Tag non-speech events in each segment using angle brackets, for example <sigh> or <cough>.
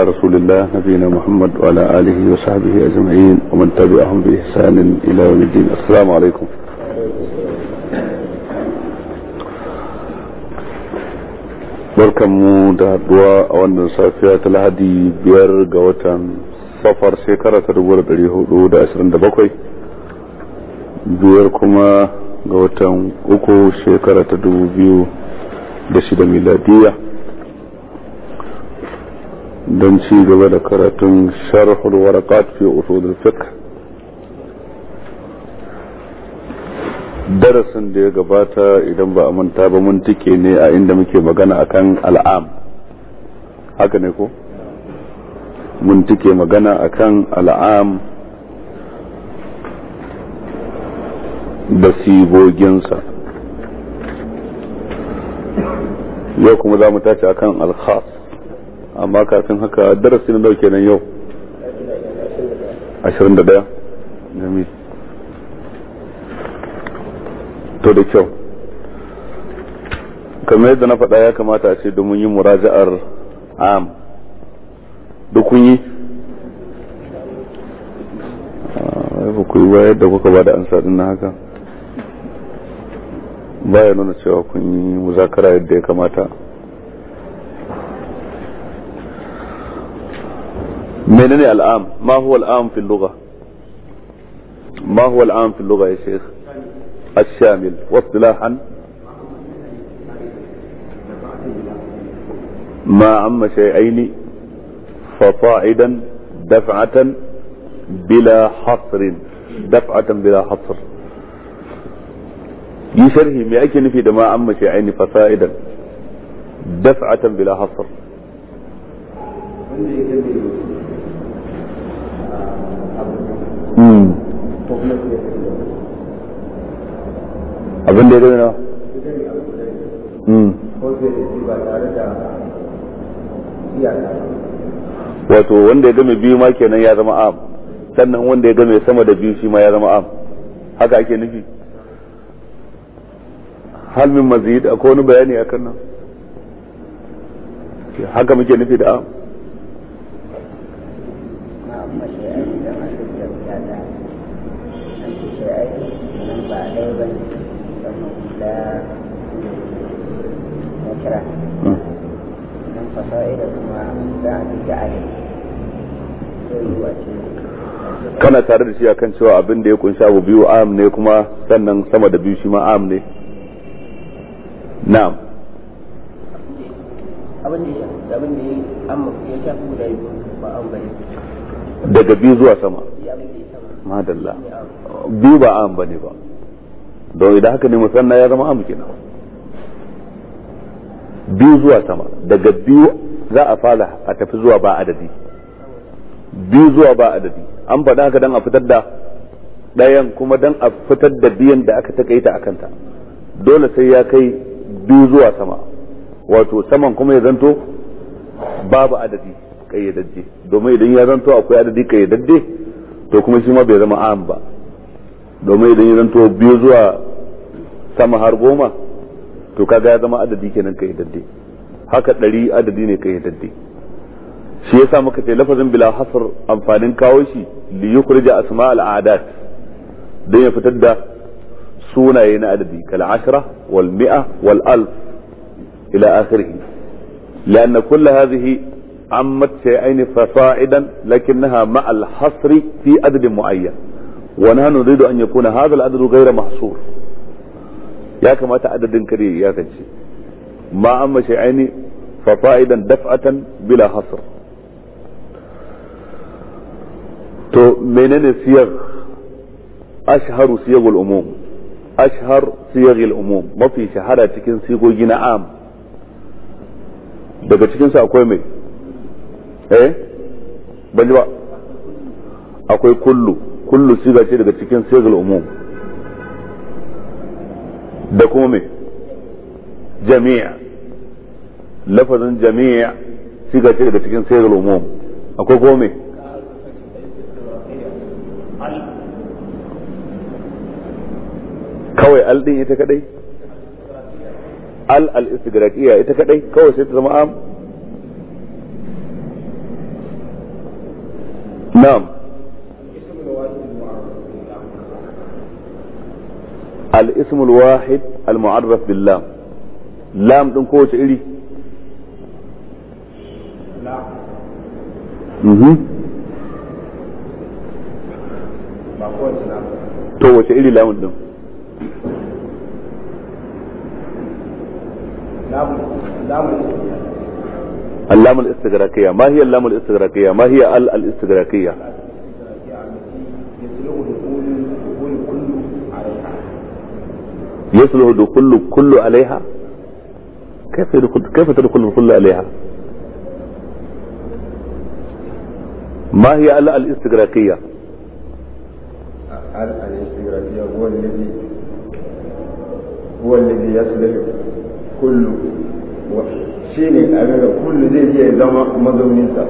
على رسول الله نبينا محمد وعلى آله وصحبه أجمعين ومن تبعهم بإحسان إلى يوم الدين السلام عليكم barkanmu da haduwa a wannan safiya ta lahadi biyar ga watan safar shekara ta dubu da dari hudu da ashirin da bakwai biyar kuma ga watan uku shekara ta dubu biyu da shida miladiyya don ci gaba da karatun sharhul warqat fi usul fiqh darasin da ya gabata idan ba a manta ba mun tike ne a inda muke magana akan al'am haka ne ko mun tike magana akan al'am da siboginsa yau kuma za mu tace akan al-khas amma kafin haka darasi na dauke nan yau 21 jami to da kyau kamar yadda na faɗa ya kamata a ce domin yin muraja'ar am duk kun yi ah, ba ku yi ba yadda kuka ba da ansa na haka baya nuna cewa kun yi muzakara yadda ya kamata منين العام ما هو العام في اللغة ما هو العام في اللغة يا شيخ الشامل واصطلاحا ما عم شيئين فصاعدا دفعة بلا حصر دفعة بلا حصر يشره ما أكي نفي ما عم شيئين فصاعدا دفعة بلا حصر Hmm. abin da ya gani na hmm. wato wanda ya game biyu ma kenan ya zama am sannan wanda ya game sama da biyu shi ma ya zama am haka ake nufi Halmin min mazid akwai wani bayani kan nan haka muke nufi da am kana tare da shi a kan cewa abin da ya kunshi abu biyu am ne kuma sannan sama da biyu shi ma am ne na'am am daga biyu zuwa sama madalla biyu ba am ne ba don idan haka ne musanna ya zama amu kenan biyu zuwa sama daga biyu za a fara a tafi zuwa ba adadi biyu zuwa ba adadi an faɗa haka don a fitar da ɗayan kuma don a fitar da biyan da aka takaita a kanta dole sai ya kai biyu zuwa sama wato saman kuma ya zanto babu adadi kayyadadde domin idan ya zanto akwai adadi kayyadadde to kuma shi ma bai zama am ba domin idan ya zanto biyu zuwa sama har goma to kaga ya zama adadi kenan kai dadde haka ɗari adadi ne kai dadde shi yasa muka ce lafazin bila hasr amfanin kawo shi li yukhrija asma al adat dan ya fitar da sunaye na adadi kal ashra wal mi'a wal alf ila akhirih لأن كل هذه عمت شيئين فصاعدا لكنها مع الحصر في عدد معين wa nahnu da an ya kuna al-adadu ghayra mahsur ya kamata adadin kare ya kace ma amma shay'aini fa fa'idan daf'atan bila hasr to menene siyar ashharu siyagul umum ashhar siyagil umum mafi shahara cikin sigogi daga cikin akwai mai eh ba akwai kullu kullu siga ce daga cikin sigal umum da kuma me jami'a lafazin jami'a siga ce daga cikin sigal umum akwai kuma me kawai al din ita kadai al al istigraqiyya ita kadai kawai sai ta zama am na'am الاسم الواحد المعرف باللام لام دون كوش إلي لا to wace iri lamun din اللام الاستغراقية ما هي اللام الاستغراقية ما هي ال الاستغراقية يصلح دخول كل عليها كيف يدخل كيف تدخل الكل عليها ما هي الاء الاستغراقية الاء الاستغراقية هو الذي هو الذي يصلح كل shine abin da kullu zai iya zama mazauninsa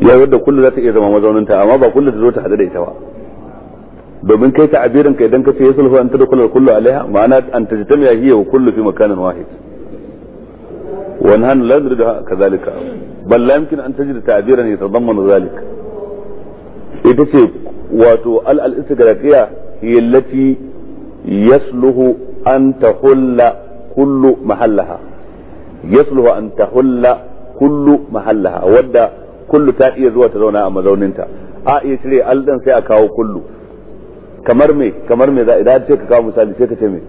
ya yadda kullu za ta iya zama mazauninta amma ba kullu ta zo ta hadu da ita ba domin kai ta abirin ka idan ka ce yasulhu an tadkhulu kullu alaiha ma'ana an tajtami'a hiya wa kullu fi makanin wahid wa nahnu la nadridu kadhalika bal la yumkin an tajid ta'biran yatadammanu zalik ita ce wato al al istigraqiya hiya allati yasluhu an tahulla kullu mahallaha yasluhu an tahulla kullu mahallaha wadda kullu ta iya zuwa ta zauna a mazauninta a iya cire aldan sai a kawo kullu kamar me kamar me za idan ce ka kawo misali sai ka ce me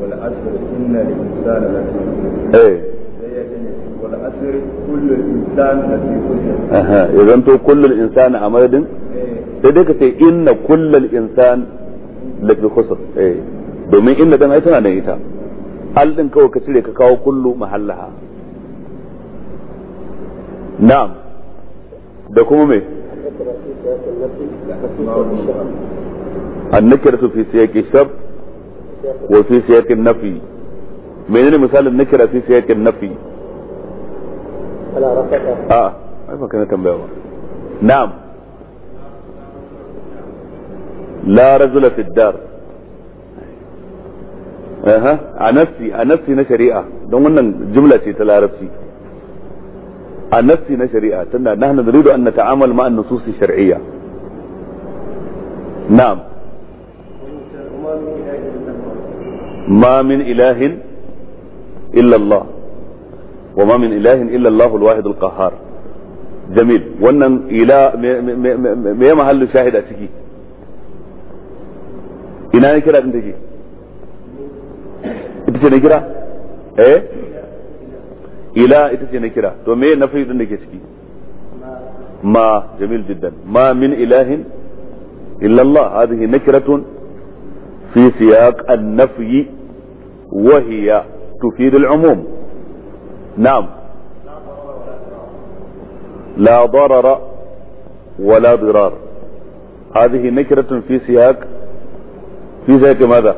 wal asr inna lil insani lafi eh wal asr kullu insani lafi aha idan to kullu insani a madadin eh. sai dai ka ce inna kullu insani lafi khusr eh domin inna dan ai tana da ita al din kawai ka cire ka kawo kullu mahallaha na'am da kuma me النكرة في سياق الشرط وفي سياق النفي من مثال النكرة في سياق النفي لا رفعها اه ما كان تنبيه نعم لا رجل في الدار اها انفسي انفسي نا شريعه دون wannan jumla ce ta larabci انفسي نا نحن نريد ان نتعامل مع النصوص الشرعيه na'am ma min ilahin wa ma min ilahin illa Allah al-wahid al-qahhar jamil wannan ila me ciki ina ne kira din take ita ce na kira eh ita ce na kira to me nafi da ciki ma إلا الله هذه نكرة في سياق النفي وهي تفيد العموم نعم لا ضرر ولا ضرار هذه نكرة في سياق في سياق ماذا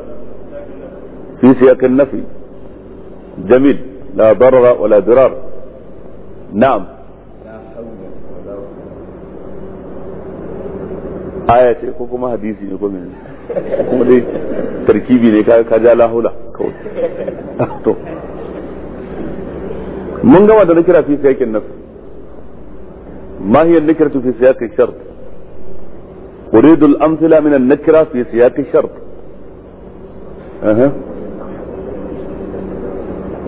في سياق النفي جميل لا ضرر ولا ضرار نعم aya ce ko kuma hadisi ne ko mene kuma dai tarkibi ne ka ka ja lahula kawai to mun gama da nakira fi siyakin nafs ma hiya nakiratu fi siyakin shart أريد الأمثلة من النكرة في سياق الشرط أه.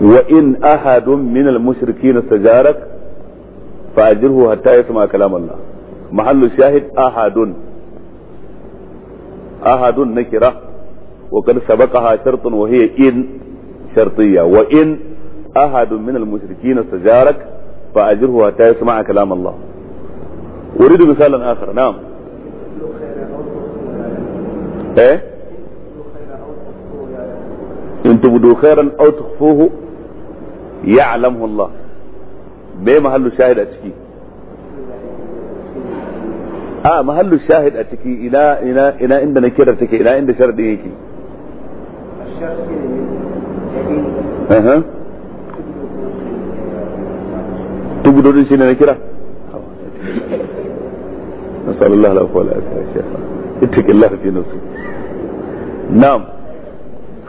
وإن أحد من المشركين استجارك فأجره حتى يسمع كلام الله محل الشاهد أحد ahadun nakira wa qad sabaqaha shartun wa hiya in shartiyya wa in ahadun min al-mushrikeen istajarak fa ajirhu hatta yasma'a kalam Allah uridu misalan akhar na'am eh in tubdu khairan aw tukhfuhu ya'lamuhu a ciki a mahallu shahid a ciki ina ina ina inda na kirar take ina inda sharadin yake tugudodin shi ne na kira nasalallahu alaihi wa sallam ya shafa ittaki Allah fi nafsi na'am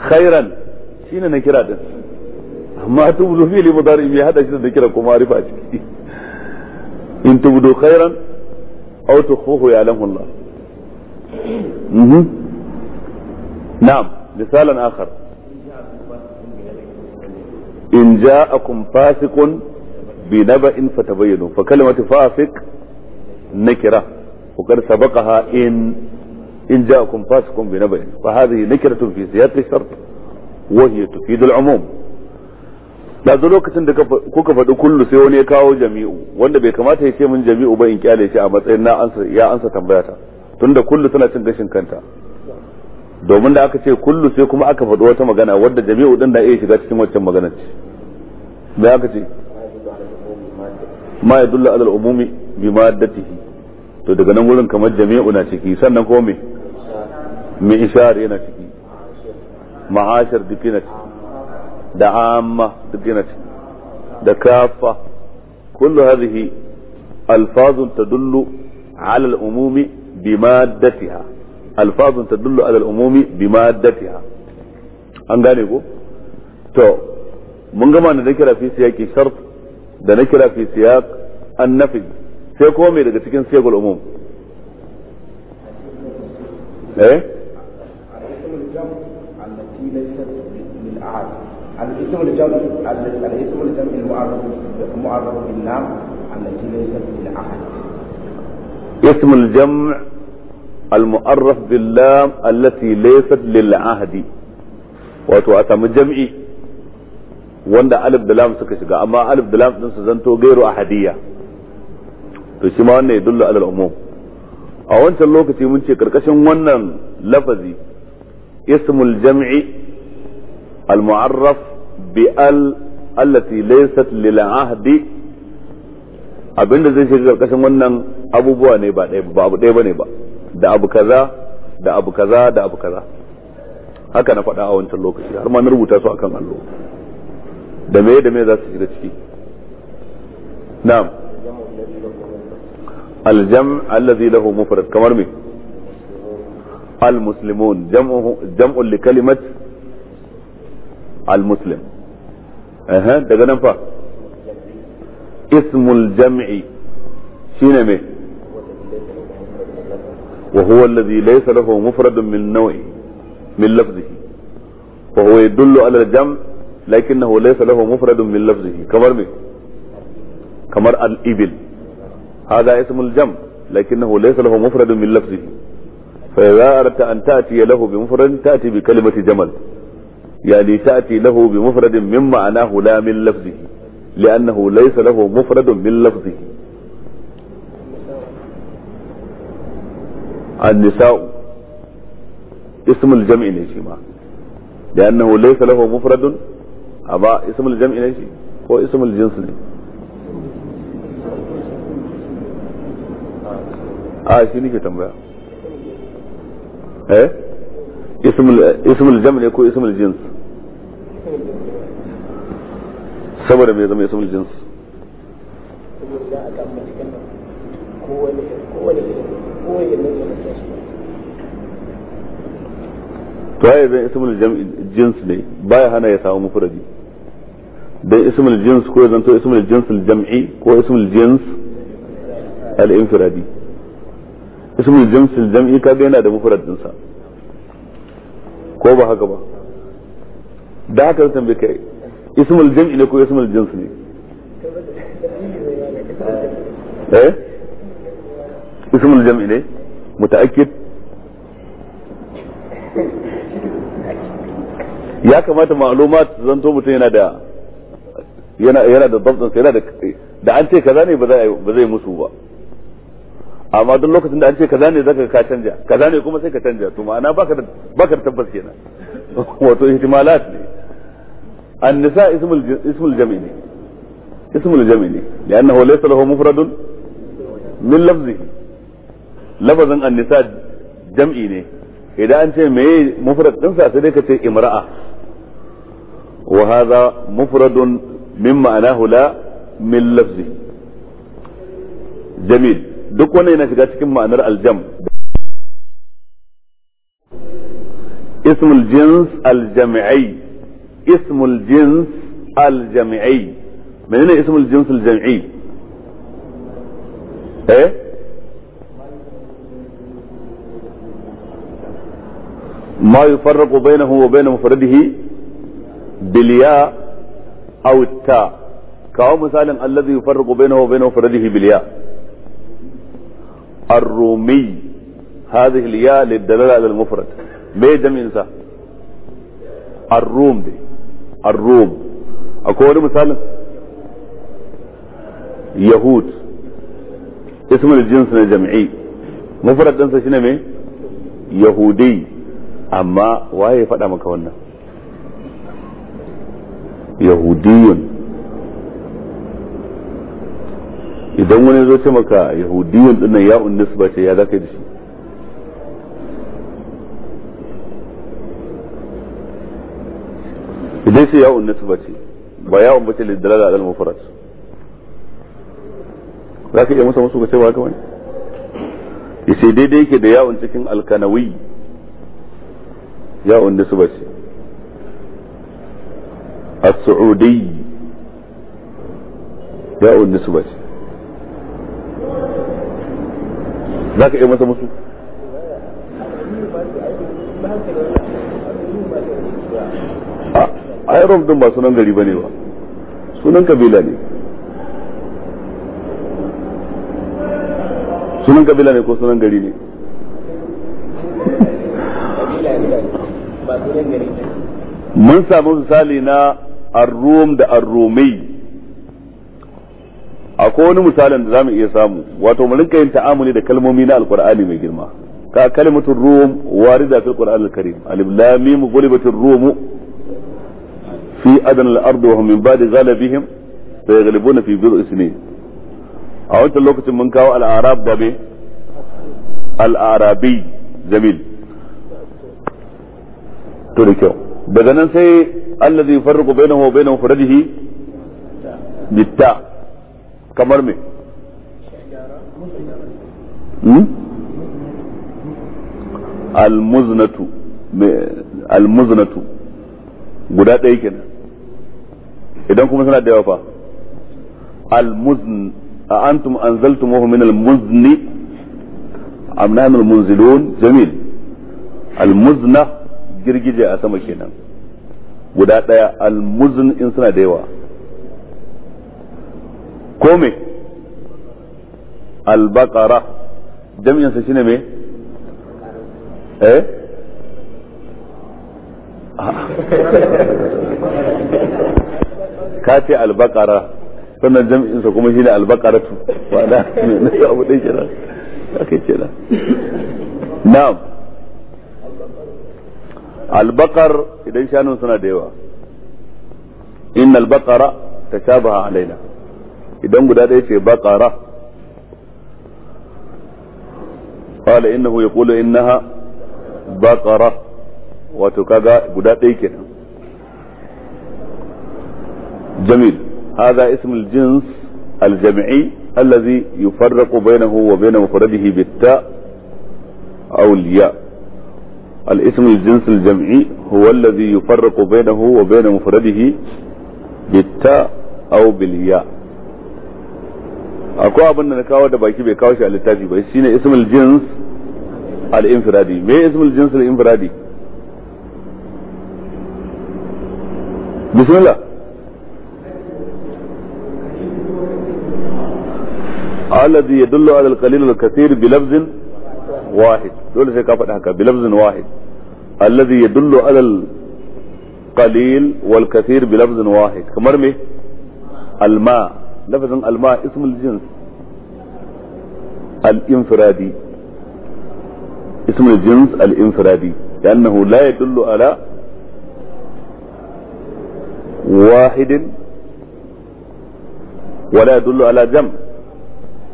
khairan shine na kira din amma tubudu fi li mudari bi hada shi da kira ko ma'rifa ciki in tubudu khairan أو تخفوه يعلمه الله نعم مثالا آخر إن جاءكم فاسق بنبأ فتبينوا فكلمة فاسق نكرة وقد سبقها إن إن جاءكم فاسق بنبأ فهذه نكرة في سياق الشرط وهي تفيد العموم ɗazu lokacin da kuka faɗi kullu sai wani ya kawo jami'u wanda bai kamata ya ce min jami'u ba in kyale shi a matsayin na ansa ya ansa tambayata tunda kullu tana cin gashin kanta domin da aka ce kullu sai kuma aka faɗi wata magana wadda jami'u din da iya shiga cikin waccan magana ce bai aka ce ma yadullu ala al-umumi bi maddatihi to daga nan wurin kamar jami'u na ciki sannan ko me me ishar yana ciki ma'ashar duk yana ciki da amma da yana ciki da kafa kullu hadhihi alfazun tadullu ala al-umumi bimaddatiha alfazun tadullu ala al-umumi bimaddatiha an gane ko to mun gama da nakira fi siyaqi shart da nakira fi siyaq an-nafi sai kuma mai daga cikin siyaqul umum eh الاسم الجمع الاسم الجمع المعرف المعرف باللام التي ليست بالاحد اسم الجمع المؤرف باللام التي ليست للعهد wato a samu jam'i wanda alif da lam suka shiga amma alif da lam su zanto gairu ahadiyya to shi ma wannan ya dulla alal umum a wancan lokaci mun ce karkashin wannan lafazi ismul jam'i المعرف بال التي ليست للعهد abinda zai shiga karkashin wannan abubuwa ne ba ɗaya ba abu ɗaya ba ne ba da abu kaza da abu kaza da abu kaza haka na faɗa a wancan lokaci har ma na rubuta su akan allo da me da me za su shiga ciki na'am aljam allazi lahu mufrad kamar me al muslimun jam'u jam'u li kalimat المسلم اها daga nan fa اسم الجمع شنو me وهو الذي ليس له مفرد من نوعه من لفظه وهو يدل على الجمع لكنه ليس له مفرد من لفظه كمر مين كمر الإبل هذا اسم الجمع لكنه ليس له مفرد من لفظه فإذا أردت أن تأتي له بمفرد تأتي بكلمة جمل يعني تأتي له بمفرد من معناه لا من لفظه لأنه ليس له مفرد من لفظه النساء اسم الجمع ما لأنه ليس له مفرد أبا اسم الجمع نشي هو اسم الجنس لي. آه shi nake tambaya eh اسم ismul jam' ne ko saboda bai zama ismul jins to ya zai ismul jins ne baya hana ya samu mufradi dan ismul jins ko zanto ismul jins jami ko ismul jins al-infiradi ismul jins jami kaga yana da mufradin sa ko ba haka ba da haka zan tambaye kai ismul jam'i ne ko ismul jins ne eh ismul jam'i ne muta'akkid ya kamata ma'lumat zanto mutum yana da yana yana da dabtan sai da da an ce kaza ne ba zai ba zai musu ba amma duk lokacin da an ce kaza ne zaka ka canja kaza ne kuma sai ka canja to ma'ana baka da baka da tabbas kenan <laughs> wato ihtimalat ne النساء اسم اسم الجمع اسم الجمع لأنه ليس له مفرد من لفظه لفظا النساء جمعي ne idan an ce meye mufrad ɗinsa sai dai ka imra'a wa hadha mufradun min min duk wanda yana shiga cikin ma'anar aljam ismul jins aljami'ai. اسم الجنس الجمعي من هنا اسم الجنس الجمعي ايه ما يفرق بينه وبين مفرده بالياء او التاء كاو مثال الذي يفرق بينه وبين مفرده بالياء الرومي هذه الياء للدلاله على المفرد ما جمع الروم دي ar-rum akwai wani misalin yahud ismul jins na jam'i mufrad ɗinsa shine me yahudi amma waye ya faɗa maka yahudiyun idan wani zo ce maka yahudiyun dinnan ya'un nisba ce ya zaka yi da shi dai sai yawon nasu ce ba yawon bace lidalala alal mufrad za ka iya masa musu ga cewa ga wani ya sai daidai yake da yawon cikin alkanawi yawon nasu bace a suudi yawon nasu bace za ka iya masa musu ai rom din ba sunan gari bane ba sunan kabila ne sunan kabila ne ko sunan gari ne mun samu misali na arrum da arrumai akwai wani misalin da zamu iya samu wato mu rinka yin ta'amuli da kalmomi na alqur'ani mai girma ka kalimatul rum warida fil qur'an al-karim alif lam mim ghulibatir rum في أدنى الأرض وهم من بعد غلبهم سيغلبون في بضع سنين أو أنت لوكت من كاو الأعراب بابي الأعرابي جميل تركيو بدا ننسي الذي يفرق بينه وبين مفرده بالتاء كمرمي المزنة المزنة قدات أي كده idan kuma suna da yawa fa al-muzn a antum anzaltumuhu min al-muzni am nahnu al-munzilun jamil al-muzna girgije a sama kenan guda daya al-muzn in suna da yawa kome al-baqara jami'in sa shine me eh <laughs> ka ce albakara sannan jam'in sa kuma shine albakaratu wa da ne abu dai kenan kai kenan na'am albakar idan shanun suna da yawa inna albakara tashabaha alaina idan guda ɗaya ce bakara qala innahu yaqulu innaha bakara wato kaga guda ɗaya kenan جميل هذا اسم الجنس الجمعي الذي يفرق بينه وبين مفرده بالتاء أو الياء الاسم الجنس الجمعي هو الذي يفرق بينه وبين مفرده بالتاء أو بالياء أكو abin da na kawo da baki bai kawo shi a littafi ba shine ismul jins al الذي يدل على القليل والكثير بلفظ واحد دول سي كافة حكا بلفظ واحد الذي يدل على القليل والكثير بلفظ واحد كمرمي الماء لفظ الماء اسم الجنس الانفرادي اسم الجنس الانفرادي لأنه لا يدل على واحد ولا يدل على جمع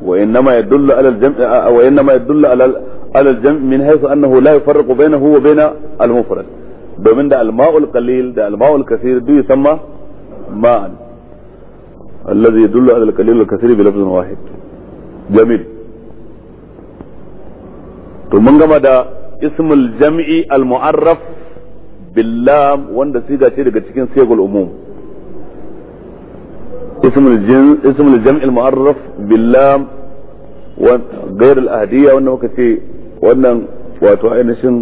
وإنما يدل على الجمع وإنما يدل على على الجمع من حيث أنه لا يفرق بينه وبين المفرد domin da alma'ul qalil da alma'ul kasir duk yusamma ma'an alladhi yadullu ala al-qalil wal-kathir bi lafzin wahid jamil to mun gama da ismul jam'i al bila wanda siga ce daga cikin sigul umum اسم الجن اسم الجمع المعرف باللام وغير الأهدية وأنه كتي وأن وأتوائن شن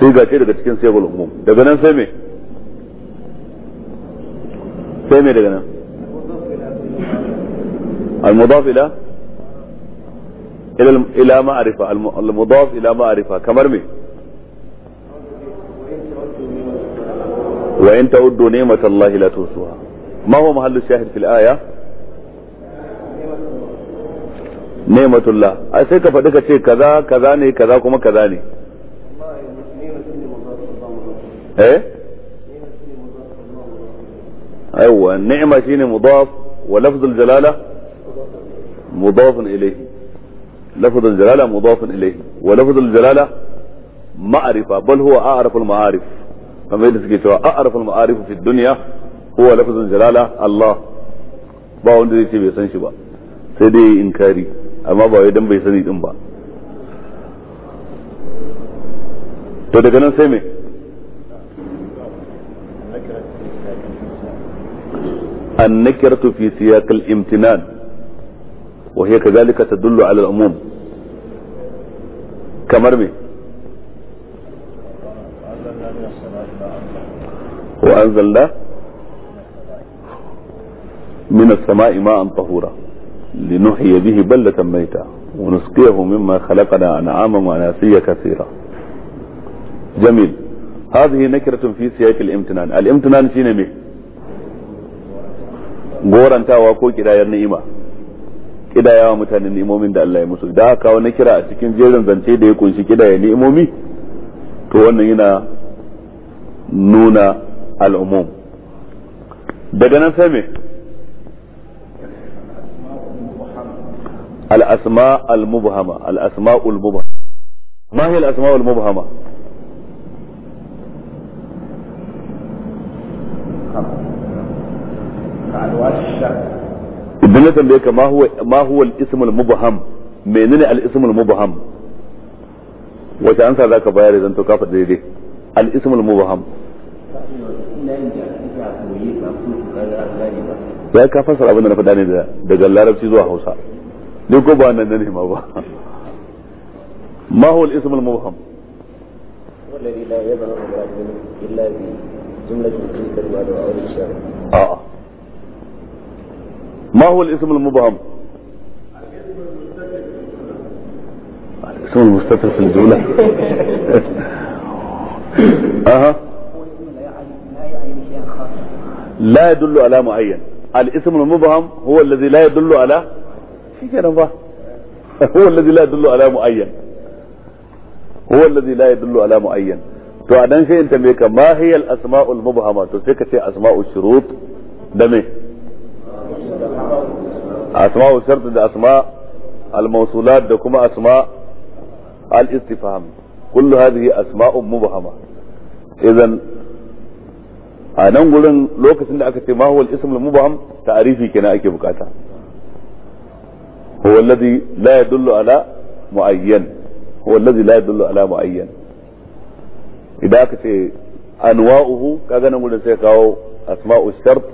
سيغا تي daga cikin sayyid al-umum daga nan sai me sai me daga nan al-mudaf ila ila al ila kamar me وإن تعدوا نعمة الله لا تحصوها ما هو محل الشاهد في الآية نعمة الله أسيك فدك شيء كذا كذا ني كذا كما كذا ني إيه أيوة النعمة شيء مضاف ولفظ الجلالة مضاف إليه لفظ الجلالة مضاف إليه ولفظ الجلالة معرفة بل هو أعرف المعارف kamar yadda suke cewa a'raful ma'arifu fi dunya huwa lafzul jalala Allah ba wanda zai ce bai san shi ba sai dai yayi inkari amma ba wai dan bai sani din ba to daga nan sai me النكرة في سياق الامتنان وهي كذلك تدل على العموم كمرمي وأنزلنا من السماء ماء طهورا لنحيي به بلة ميتة ونسقيه مما خلقنا أنعاما وأناسيا كثيرا جميل هذه نكرة في سياق الامتنان الامتنان شنو مي gorantawa ko kidayar ni'ima kidayawa mutanen ni'imomin da Allah ya musu da aka kawo kira a cikin jerin zance da ya kunshi kidaya ni'imomi to wannan yana nuna العموم بدنا فهمي الأسماء المبهمة الأسماء المبهمة ما هي الأسماء المبهمة ما هو ما هو الاسم المبهم منين الاسم المبهم وشان ذاك بايري زنتو كافة ديدي الاسم المبهم ya ka fasar abin da na faɗa ne daga larabci zuwa hausa ni ko ba nan ne ma ba ma huwa al-ism al-mubham والذي لا يبلغ العدل الا بجمله تلك الوعد او الاشاره. اه ما هو الاسم المبهم؟ الاسم المستتر في الجمله. اها لا يدل على معين الاسم المبهم هو الذي لا يدل على شيء كذا <laughs> هو الذي لا يدل على معين هو الذي لا يدل على معين تو شيء انت ميك ما هي الاسماء المبهمه تو سيك اسماء الشروط دمي اسماء الشرط ده اسماء الموصولات ده كما اسماء الاستفهام كل هذه اسماء مبهمه اذا a nan gurin lokacin da aka ce ma huwal ismul mubham ta'rifi kenan ake bukata huwa alladhi la yadullu ala muayyan huwa alladhi la yadullu ala muayyan idan aka ce anwa'uhu kaga nan gurin sai kawo asma'u shart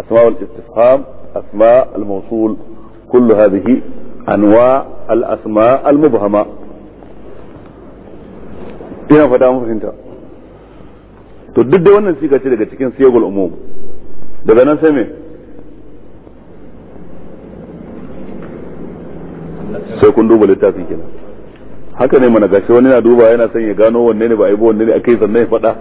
asma'ul istifham asma' al-mawsul kullu hadhihi anwa' al-asma' al-mubhama ina fada mu fahimta to duk da wannan sika ce daga cikin siyagul umum daga nan sai me sai kun duba littafin kenan haka ne mana gashi wani na duba yana son ya gano wanne ne ba a yi ba wanne ne aka yi sannan ya faɗa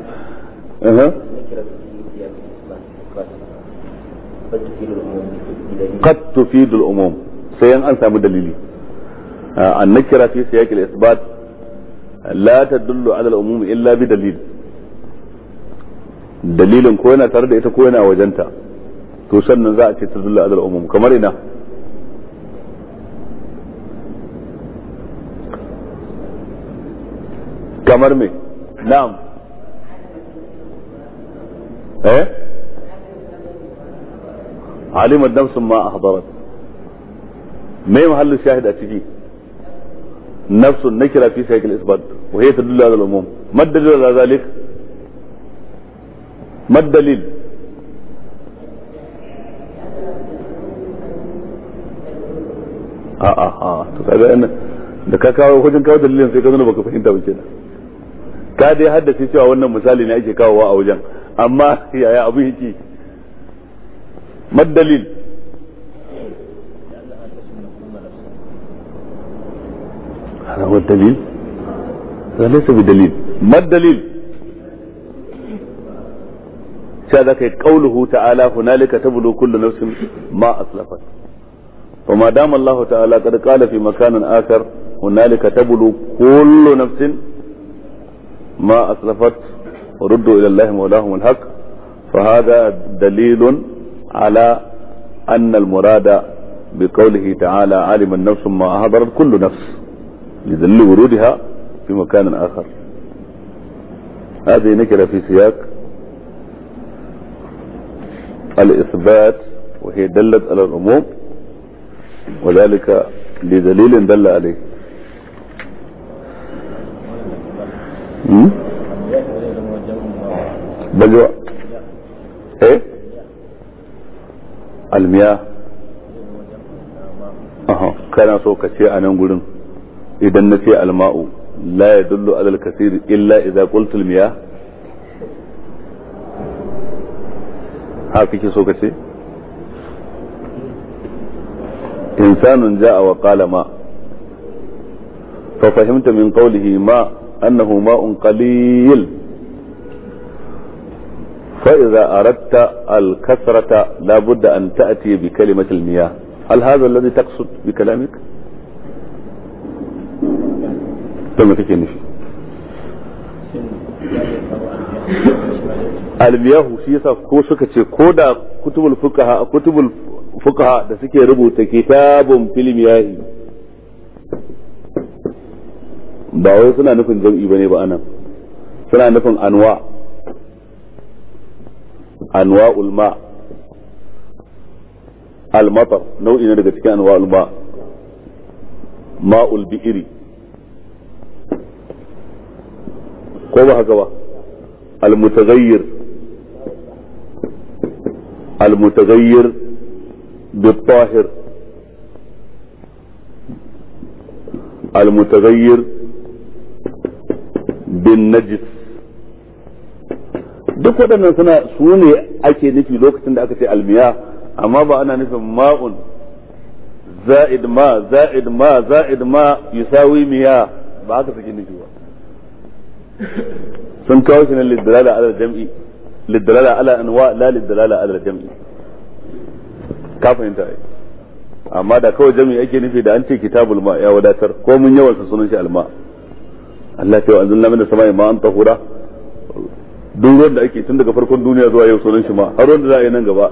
قد تفيد العموم سيان أن سامو دليلي النكرة في سياق الإثبات لا تدل على العموم إلا بدليل dalilin ko yana tare da ita ko yana wajenta to sannan za a ce ta zulla adal umum kamar ina kamar me na'am eh alimat nafsun ma ahdarat me mahallu shahid a ciki nafsun nakira fi sahih al-isbat wa hiya tadullu ala al-umum madda dalil zalik ما الدليل a a a to kaga ina da ka kawo wajen kawo dalilin sai ka zo baka fahimta ba kenan ka dai haddace cewa wannan misali ne ake kawowa a wajen amma yaya abu yake mad ana wa dalil الدليل هذا ليس بدليل ما الدليل sai za ka yi qauluhu ta'ala hunalika tablu kullu nafsin ma aslafat فما دام الله تعالى قد قال في مكان آخر هنالك تبلو كل نفس ما أسلفت وردوا إلى الله مولاهم الحق فهذا دليل على أن المراد بقوله تعالى علم النفس ما أحضرت كل نفس لذل ورودها في مكان آخر هذه نكرة في سياق الإثبات وهي دلت على العموم وذلك لدليل دل عليه بل ايه المياه اها كان سو كتي انا غورن اذا نتي الماء لا يدل على الكثير الا اذا قلت المياه حافك سوكسي إنسان جاء وقال ما ففهمت من قوله ما أنه ماء قليل فإذا أردت الكثرة لا بد أن تأتي بكلمة المياه هل هذا الذي تقصد بكلامك؟ ثم تكيني almiyahu shi yasa ko suka ce ko da kutubul fuqaha kutubul fuqaha da suke rubuta kitabun fil miyahi ba wai suna nufin jam'i bane ba anan suna nufin anwa anwa-ulma almatar nau'i ne daga cikin anwa ma ma'ul bi'iri ko ba haka ba al-mutaghayyir المتغير بالطاهر المتغير بالنجس duk waɗannan suna su ne ake nufi lokacin da aka ce almiya amma ba ana nufin ma'un za'id ma za'id ma za'id ma yusawi miya ba aka saki nufi ba sun kawo shi nan lidda da alal jam'i للدلالة على أنواع لا للدلالة على الجمع ka fahimta amma da kawai jami ake nufi da an ce kitabul ma ya wadatar ko mun yawan su sunan shi alma Allah ta anzalna min as-sama'i ma'an tahura duk ruwan da ake tun daga farkon duniya zuwa yau sunan shi ma har wanda za a yi nan gaba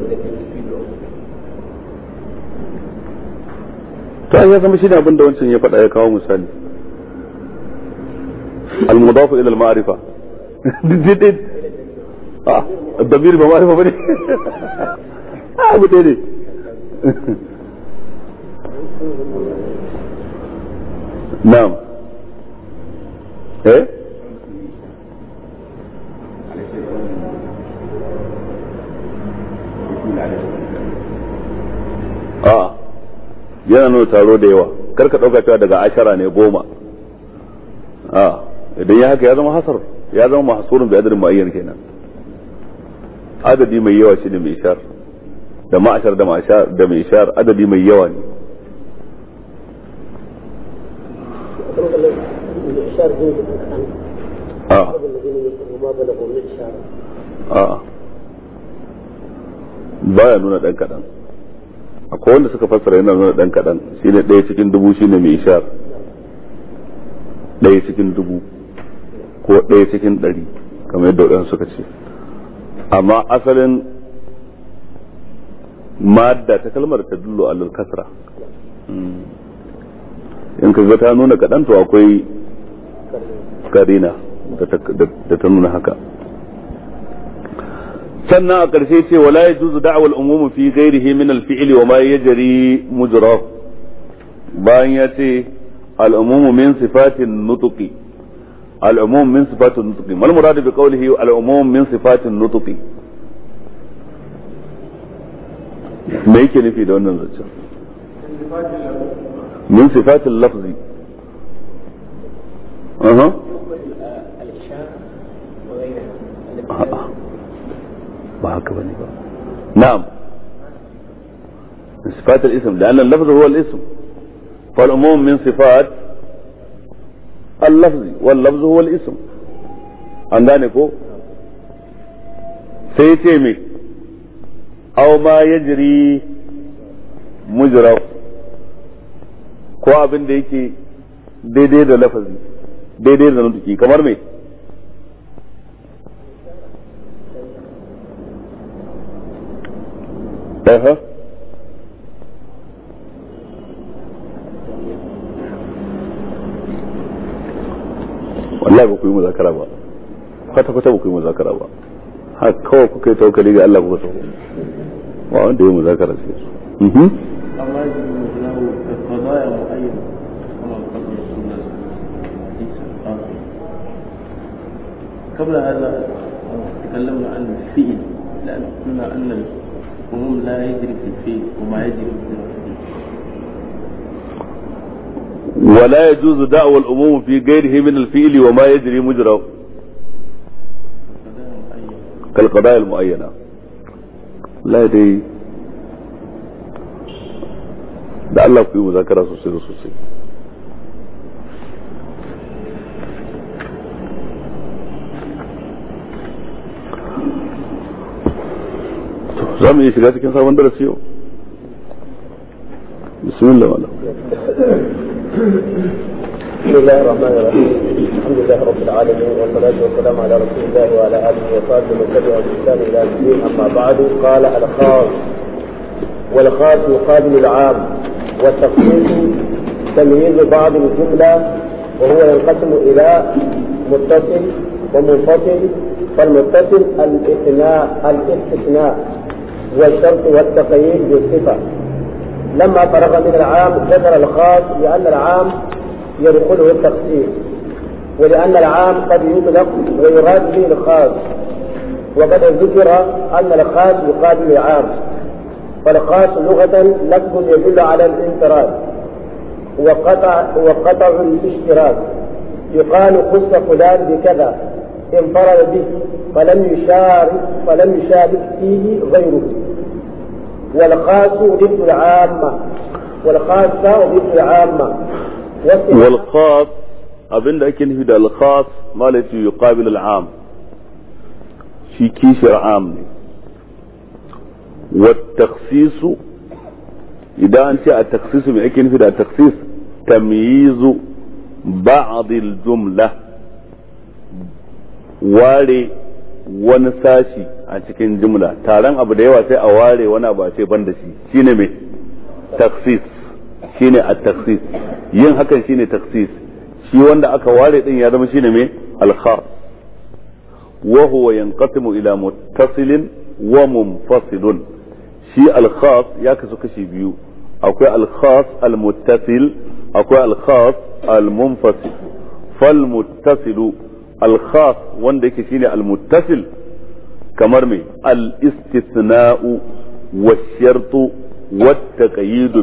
to ya zama shine abin da wancan ya faɗa ya kawo misali al-mudafu ila al-ma'rifa ah ba ma'rifa bane <laughs> ah ne na'am eh ah yana nuna taro da yawa kar ka ɗauka cewa daga ashara ne goma a idan ya haka ya zama hasar ya zama mahasurin bi adadin ma'ayyan kenan adadi mai yawa shi ne mai shar da ma'ashar da ma'ashar da mai shar adadi mai yawa ne a a baya nuna ɗan kaɗan akwai wanda suka fassara yana nuna dan kadan ne ɗaya cikin dubu ne mai sha ɗaya cikin dubu ko ɗaya cikin ɗari kamar yadda waɗansu suka ce amma asalin madda ta kalmar ta dullo a kasra hmm. in ka ga ta nuna kaɗan to akwai karina da ta nuna haka sannan a ƙarshe ce wala ya juzu da'awar umumu fi ghairihi min al-fi'li wa ma yajri mujra bayan ya ce al-umumu min sifatin nutqi al-umum min sifatin nutqi mal murad bi qawlihi al-umum min sifatin nutqi me yake nufi da wannan zancen min sifatin lafzi aha ba haka bane ba na'am sifat al-ism da annan lafzu huwa al-ism fa min sifat al-lafz wal lafzu huwa al-ism an gane ko sai ce me aw ma yajri mujra yake daidai da kamar me اها wallahi ba ku yi muzakara ba kwata kwata ba ku yi muzakara ba har kawai kuka yi tawakkali ga Allah ku so ba wanda ya muzakara sai su mhm قبل هذا تكلمنا عن الفئل لأن قلنا أن وهم لا يدرك الفيل وما يدري يدرك ولا يجوز دعوى الأموم في غيره من الفيل وما يجري مجره كالقضايا المؤينة لا يدري لعله في مذاكرة سوسي سوسي za mu iya shiga cikin sabon darasi yau bismillah wala بسم الله الرحمن الرحيم الحمد لله رب العالمين والصلاة والسلام على رسول الله وعلى آله وصحبه ومن تبعهم بإحسان إلى الدين أما بعد قال الخاص والخاص يقابل العام والتخصيص تمييز بعض الجملة وهو ينقسم إلى متصل ومنفصل فالمتصل الاستثناء الاستثناء والشرط والتقييد بالصفة لما فرغ من العام ذكر الخاص لأن العام يدخله التخصيص ولأن العام قد يطلق ويراد به الخاص وقد ذكر أن الخاص يقابل العام فالخاص لغة لفظ يدل على الانفراد وقطع وقطع الاشتراك يقال خص فلان بكذا انفرد به فلم يشارك فلم يشارك فيه غيره والخاص ضد العامة والخاص ضد العامة والخاص أبن لكن في الخاص ما التي يقابل العام في كيشر عام والتخصيص إذا أنشا التخصيص يمكن في التخصيص تمييز بعض الجملة واري wani sashi a cikin jumla taron abu da yawa sai a ware wani abu a ce ban da shi shine mai taksis shine a taksis yin hakan shine taksis shi wanda aka ware din ya zama shine mai Wahu wa huwa yanqasimu ila muttasilin wa munfasilun shi alkhas ya kasu kashi biyu akwai alkhas almuttasil akwai alkhas almunfasil falmuttasilu al-khas wanda yake shine al-muttasil kamar mai al-istisna'u wa shartu wa taqayyud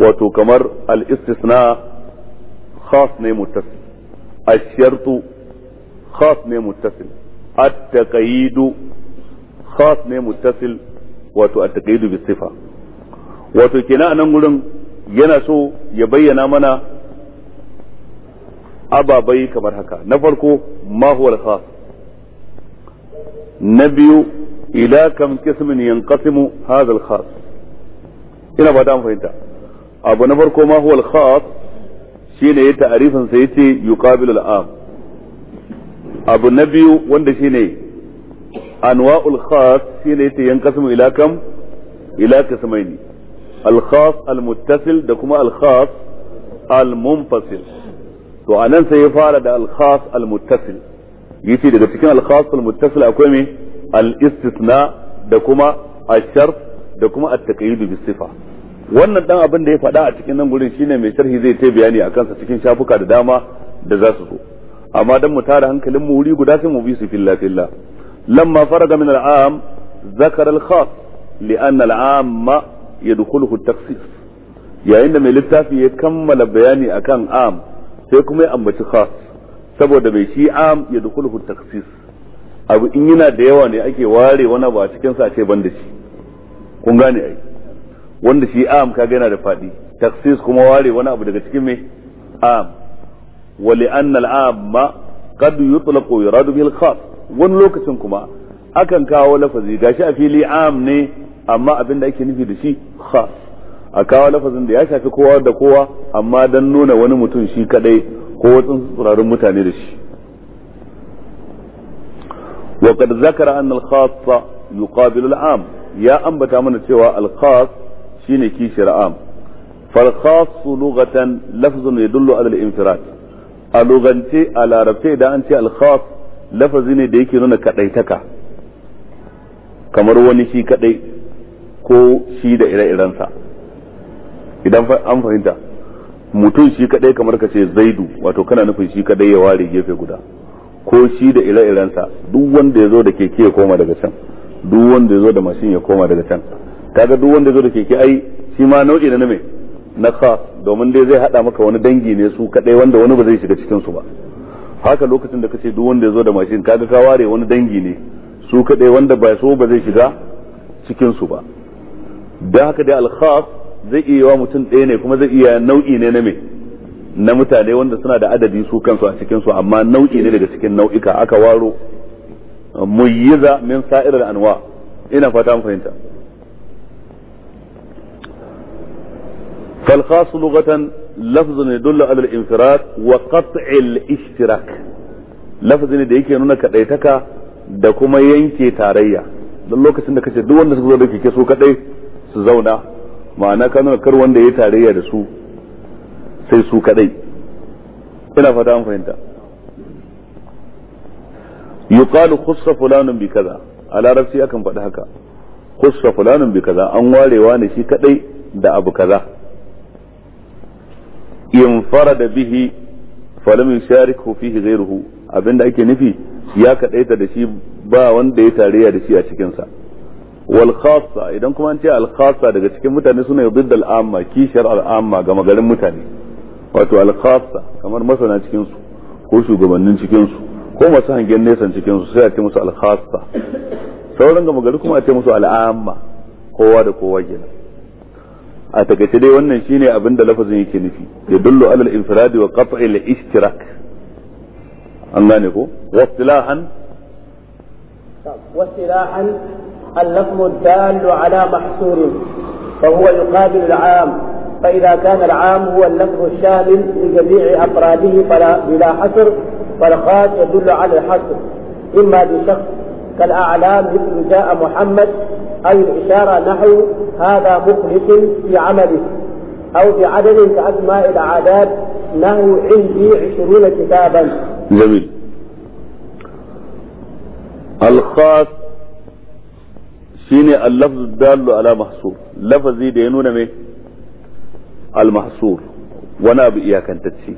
wato kamar al-istisna khas ne muttasil al-shartu khas ne muttasil at-taqayyud khas ne wato anan gurin yana so ya bayyana mana ababai kamar haka na farko ma huwa al-khas na biyu ila kam qismin yanqasimu hadha al-khas ina ba da fahimta abu na farko ma huwa al-khas shine ya ta'arifin sa yace yuqabilu al abu na biyu wanda shine anwa'ul khas shine yace yanqasimu ila kam ila qismaini al-khas al-muttasil da kuma al-khas al-munfasil to anan sai ya fara da al-khas al-muttasil yace daga cikin al-khas akwai me al da kuma ash da kuma at-taqyid bi sifa wannan dan abin da ya faɗa a cikin nan gurin shine mai sharhi zai ta bayani a kansa cikin shafuka da dama da za su zo amma dan mu tara hankalin mu wuri guda sai mu bi su filla filla lamma faraga min al'am zakara al-khas li'anna al yadkhuluhu at-takhsis yayin da mai littafi ya kammala bayani akan am sai kuma ya ambaci khas saboda bai shi am ya dukulu taksis abu in yana da yawa ne ake ware wani ba cikin sa ce ban da shi kun gane ai wanda shi am kaga yana da fadi taksis kuma ware wani abu daga cikin me am wa li anna al amma qad yutlaqu yuradu bil khas wani lokacin kuma akan kawo lafazi gashi a fili am ne amma abin da ake nufi da shi khas a kawo lafazin da ya shafi kowa da kowa amma dan nuna wani mutum shi kadai ko wasu tsurarin mutane da shi wa qad zakara anna al-khassa yuqabilu am ya ambata mana cewa al-khass shine kishir am fal khass da ya dullo ala al-infirad a lugance a larabce da an ce al-khass lafazi ne da yake nuna kaɗaitaka kamar wani shi kadai ko shi da ire-irensa idan an fahimta mutum shi kadai kamar ka ce zaidu wato kana nufin shi kadai ya ware gefe guda ko shi da ire-irensa duk wanda ya zo da keke ya koma daga can duk wanda ya zo da mashin ya koma daga can kaga duk wanda ya zo da keke ai shi ma nau'i na me na khas domin dai zai hada maka wani dangi ne su kadai wanda wani ba zai shiga cikin su ba haka lokacin da kace duk wanda ya zo da mashin kaga ka ware wani dangi ne su kadai wanda ba so ba zai shiga cikin su ba dan haka dai al-khas zai iya wa mutum ɗaya ne kuma zai iya nau'i ne na me na mutane wanda suna da adadi su kansu a cikin su amma nau'i ne daga cikin nau'ika aka waro muyyiza min sa'irar anwa ina fata mu fahimta فالخاص لغة لفظ يدل على الانفراد وقطع الاشتراك لفظ ne da yake nuna kadaitaka da kuma yanke tarayya don lokacin da kace duk wanda suka zo da kike su kadai su zauna ma'ana ka nuna kar wanda ya tarayya da su sai su kadai ina fata an fahimta yuqalu khussa fulanun bi kaza a larabci akan faɗi haka khussa fulanun bi kaza an warewa ne shi kadai da abu kaza in farada bihi falam yusharikhu fihi ghayruhu abinda ake nufi ya kadaita da shi ba wanda ya tarayya da shi a cikin sa wal idan kuma an ce al daga cikin mutane suna yudidd al amma kishar al amma ga magarin mutane wato al kamar masana cikinsu ko shugabannin cikinsu ko masu hangen nesan cikin sai a ce musu al sauran ga magari kuma a ce musu al'amma kowa da kowa kenan a takaice dai wannan shine abin da lafazin yake nufi ya dullu alal infiradi wa qat'i al ishtirak an gane ko wasilahan wasilahan اللفظ الدال على محصور فهو يقابل العام فإذا كان العام هو اللفظ الشامل لجميع أفراده فلا بلا حصر فالخاص يدل على الحصر إما بشخص كالأعلام مثل جاء محمد أو الإشارة نحو هذا مخلص في عمله أو بعدد كأسماء العادات نحو عندي عشرون كتابا جميل الخاص shine al-lafz dallu ala mahsur lafazi da ya nuna mai al-mahsur wani abu iyakantacce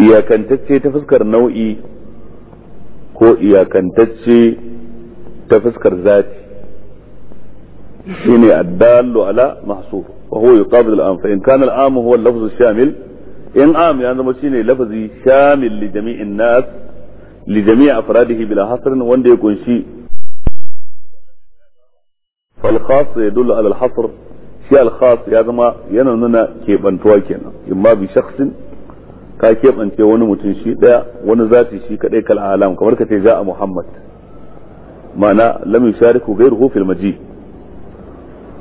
iyakantacce ta fuskar nau'i ko iyakantacce ta fuskar zati shine ad-dallu ala mahsur wa huwa yuqabil al-am fa in kana al-am huwa al lafzu shamil in am ya zama shine lafazi shamil li jami'in nas li jami'i afradihi bila hasrin wanda ya kunshi فالخاص يدل على الحصر شيء الخاص يا زما ينا نونا كيبان يما إما بشخص كا كيبان تي ونو متنشي دا ونو ذاتي شي كده كالعالم كمالك جاء محمد ما لم يشارك غيره في المجيء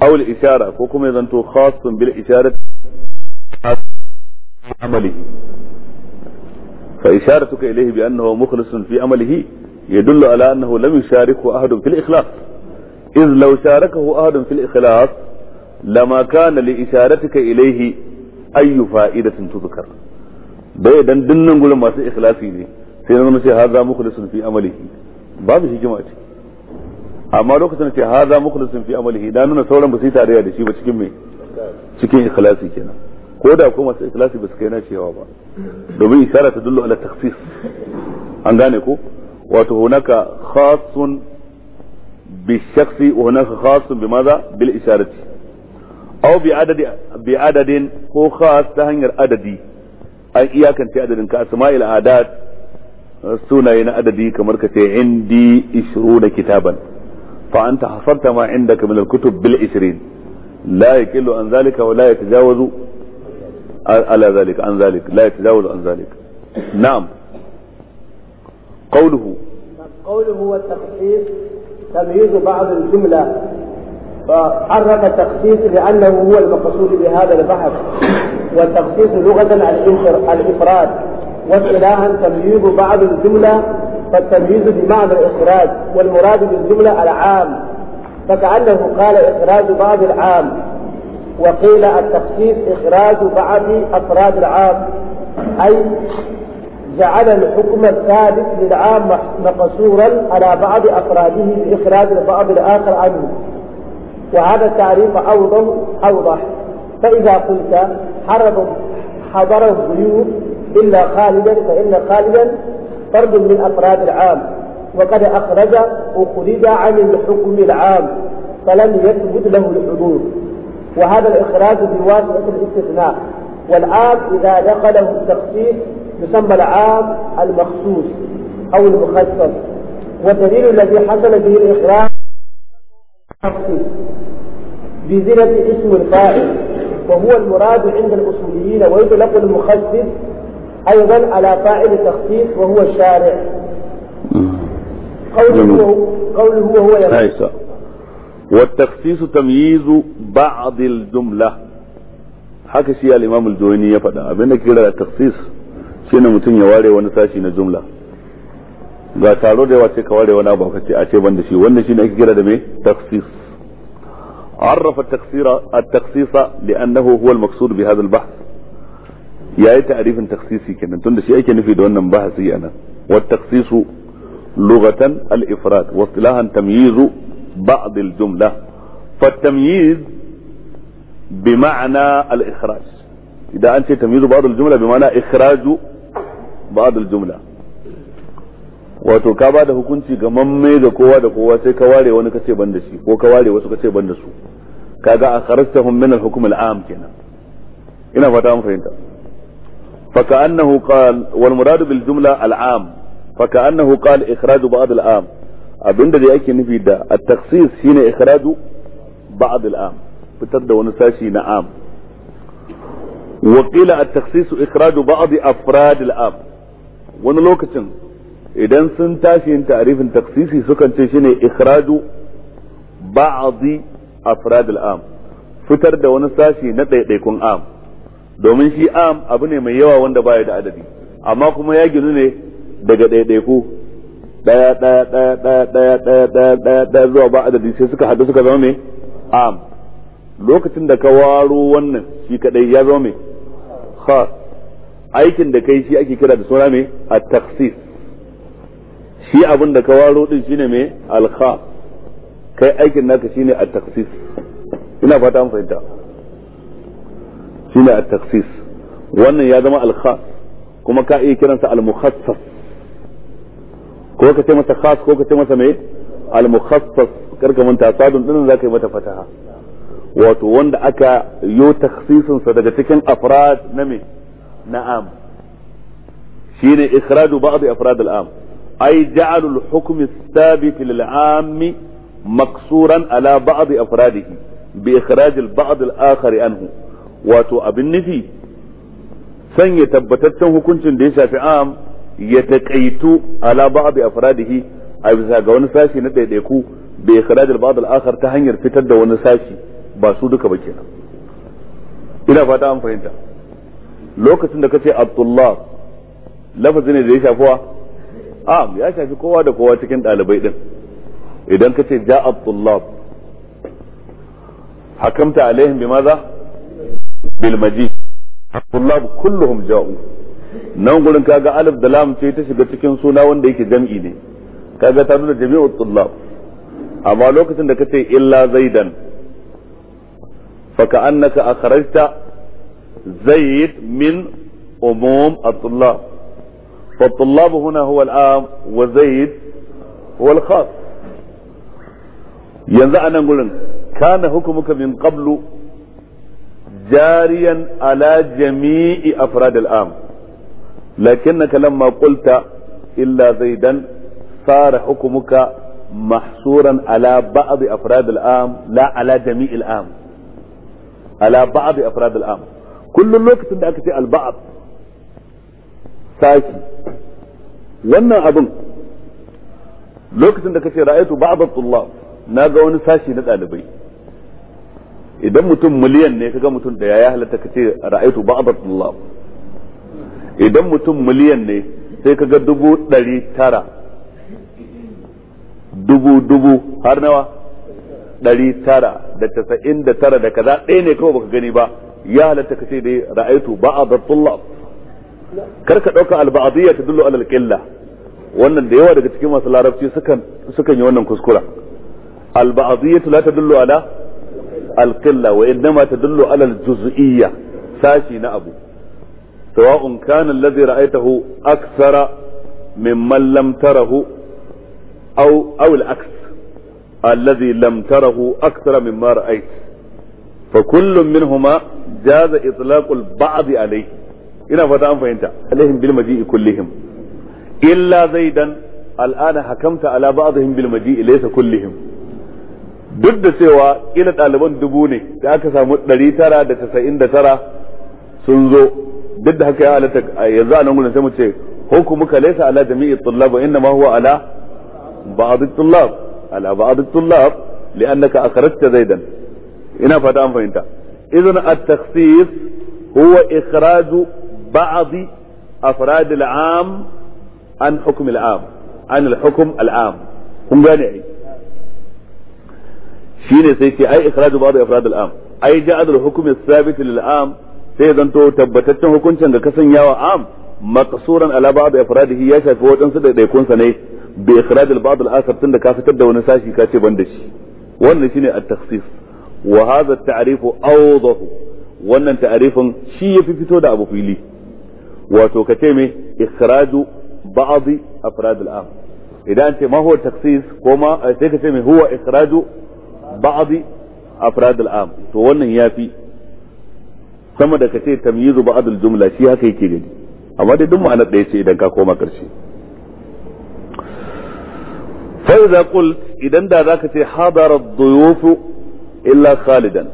أو الإشارة فكم إذا أنتو خاص بالإشارة في عمله فإشارتك إليه بأنه مخلص في عمله يدل على أنه لم يشارك أحد في الإخلاص إذ لو شاركه أحد في الإخلاص لما كان لإشارتك إليه أي فائدة تذكر bai dan dinnan gurin masu ikhlasi ne sai na ce haza mukhlisun fi amalihi babu shi jima'a ce amma lokacin ce haza mukhlisun fi amalihi da nuna sauran ba su yi tarayya da shi ba cikin me cikin ikhlasi kenan ko da ko masu ikhlasi ba su kai na cewa ba domin isara ta an gane ko wato hunaka khasun بالشخص وهناك خاص بماذا بالإشارة أو بعدد بعدد هو خاص تهنجر عددي أي إياك أنت عدد كأسماء الأعداد هنا عددي كمركة عندي عشرون كتابا فأنت حصلت ما عندك من الكتب بالعشرين لا يكل عن ذلك ولا يتجاوز على ذلك عن ذلك لا يتجاوز عن ذلك نعم قوله قوله والتخصيص تمييز بعض الجملة فحرك التخصيص لأنه هو المقصود بهذا البحث والتخصيص لغة الإفراد واصطلاحا تمييز بعض الجملة فالتمييز بمعنى الإخراج والمراد بالجملة العام فكأنه قال إخراج بعض العام وقيل التخصيص إخراج بعض أفراد العام أي جعل الحكم الثابت للعام مقصورا على بعض أفراده بإخراج البعض الآخر عنه وهذا التعريف أوضح, أوضح فإذا قلت حرب حضر الضيوف إلا خالدا فإن خالدا فرد من أفراد العام وقد أخرج أخرج عن الحكم العام فلم يثبت له الحضور وهذا الإخراج بواسطة الاستثناء والعام إذا دخله التخصيص يسمى العام المخصوص أو المخصص والدليل الذي حصل به الإخراج بزنة اسم الفاعل وهو المراد عند الأصوليين ويطلق المخصص أيضا على فاعل التخصيص وهو الشارع قوله قوله وهو يميز والتخصيص تمييز بعض الجملة حكي shi al-imam al-juwayni ya التخصيص shine mutum ya ware wani sashi na jumla ga taro da yawa ce ka ware wani abu ka ce a ce ban da shi wannan ne ake kira da mai taksis taksira a taksisa da an التقصير huwal maksud bi المقصود ba ya yi ta'arifin taksisi kenan tunda shi ake nufi da wannan ba bahasi yana wa taksisu lughatan al-ifrad wa istilahan tamyiz ba'd al-jumla fa tamyiz bima'na al-ikhraj idan an ce tamyiz ba'd al-jumla bi bima'na ikhraju ba'd al-jumla wato ka ba da hukunci ga mamme ga kowa da kowa sai ka ware wani kace ban da shi ko ka ware wasu kace ban da su kaga a kharajtahum min al-hukm al-am kenan ina fata mun fahimta fa ka'annahu qal wal murad bil jumla al-am fa ka'annahu qal ikhraj ba'd al-am abinda da yake nufi da at-takhsis shine ikhraj ba'd al-am fitar da wani sashi na am wa qila at-takhsis ikhraj ba'd afrad al-am wani lokacin idan sun tashi yin ta'arifin taksisi sukan ce shine ikhraju ba'dhi afrad al-am fitar da wani sashi na ɗaiɗaikun am domin shi am abu ne mai yawa wanda baya da adadi amma kuma ya ginu ne daga ɗaiɗaiku ɗaya ɗaya ɗaya ɗaya ɗaya ɗaya ɗaya daya daya zuwa ba adadi sai suka haɗu suka zama mai am lokacin da ka waro wannan shi kaɗai ya zama mai khas aikin da kai shi ake kira da suna mai a taksis shi abin da ka waro din shine mai alkha kai aikin naka shine a taksis ina fata an fahimta shine a taksis wannan ya zama alkha kuma ka iya kiransa al-mukhassas ko ka ce masa khas ko ka ce masa mai al-mukhassas karka manta sadun din zaka yi mata fataha wato wanda aka yo taksisinsa sa daga cikin afrad na mai na'am shine ikhraju ba'd afrad al'am ay ja'alu al-hukm ath-thabit lil-'am maksuran ala ba'd afradihi bi ikhraj al-ba'd al-akhar anhu wato abin nufi sanya tabbataccen hukuncin da ya shafi am ya taƙaitu ala ba'd afradihi a bisa ga wani sashi na ɗaiɗaiku bai ikhraj al-ba'd al-akhar ta hanyar fitar da wani sashi ba su duka ba kenan ina fata an fahimta lokacin da kace at-tullab lafazi ne da ya shafi wa. a ya shafi kowa da kowa cikin ɗalibai din idan kace ja at hakamta alaihim bimaza bil majid at-tullab kulluhum ja'u nan gurin kaga alif da lam ce ta shiga cikin suna wanda yake jam'i ne kaga ta nuna jami'ut tullab amma lokacin da kace illa zaidan fa ka'annaka akhrajta زيد من عموم الطلاب فالطلاب هنا هو العام وزيد هو الخاص ينزع أن نقول كان حكمك من قبل جاريا على جميع أفراد العام لكنك لما قلت إلا زيدا صار حكمك محصورا على بعض أفراد العام لا على جميع العام على بعض أفراد العام kullum lokacin da aka ce alba'ab saki wannan abin lokacin da kace ra'aytu ba'd tullab na ga wani sashi na dalibai idan mutum miliyan ne kaga mutum da ya halatta kace ra'aytu ba'd tullab idan mutum miliyan ne sai kaga dubu ɗari tara dubu dubu har nawa ɗari tara da tasa'in da tara da kaza ɗaya ne kawai baka gani ba يا لتك سيدي رأيت بعض الطلاب كرك أوكا البعضية تدل على الكلة وان ديوا دك تكيما صلى الله عليه سكن سكن يوانن كسكولا البعضية لا تدل على القلة وإنما تدل على الجزئية ساشي نأبو سواء كان الذي رأيته أكثر ممن لم تره أو أو العكس الذي لم تره أكثر مما رأيت فكل منهما jaza itlaqul ba'd alayhi ina fata an fahimta alaihim bil maji'i kullihim illa zaidan al'ana hakamta ala ba'dihim bil kullihim duk da cewa kila ɗaliban dubu ne da aka samu tara. sun zo duk da haka ya halatta yanzu a nan gudun sai mu ce ka laysa ala jami'i tullab wa innama huwa ala ba'd tullab ala ba'd tullab li'annaka akhrajta zaidan ina fata an fahimta إذن التخصيص هو إخراج بعض أفراد العام عن حكم العام عن الحكم العام هم قانعي شيني سيتي أي إخراج بعض أفراد العام أي جعل الحكم الثابت للعام سيدان تو تبتتن حكم شنك كسن ياو عام مقصورا على بعض أفراده يشاف هو تنسد يكون سنه بإخراج البعض الآخر تند كافتر دون ساشي كاتبان دشي وانا شيني التخصيص وهذا التعريف اوضح وان تعريف شي في فيتو دا ابو فيلي واتو كتمي اخراج بعض افراد الام اذا انت ما هو التخصيص كما تكتمي هو اخراج بعض افراد الام تو وان يافي كما دا كتمي تمييز بعض الجملة شي هكي كيلي اما دي دم انا تيسي اذا كاكوما كرشي فإذا قلت إذا ذاك حضر الضيوف إلا خالدا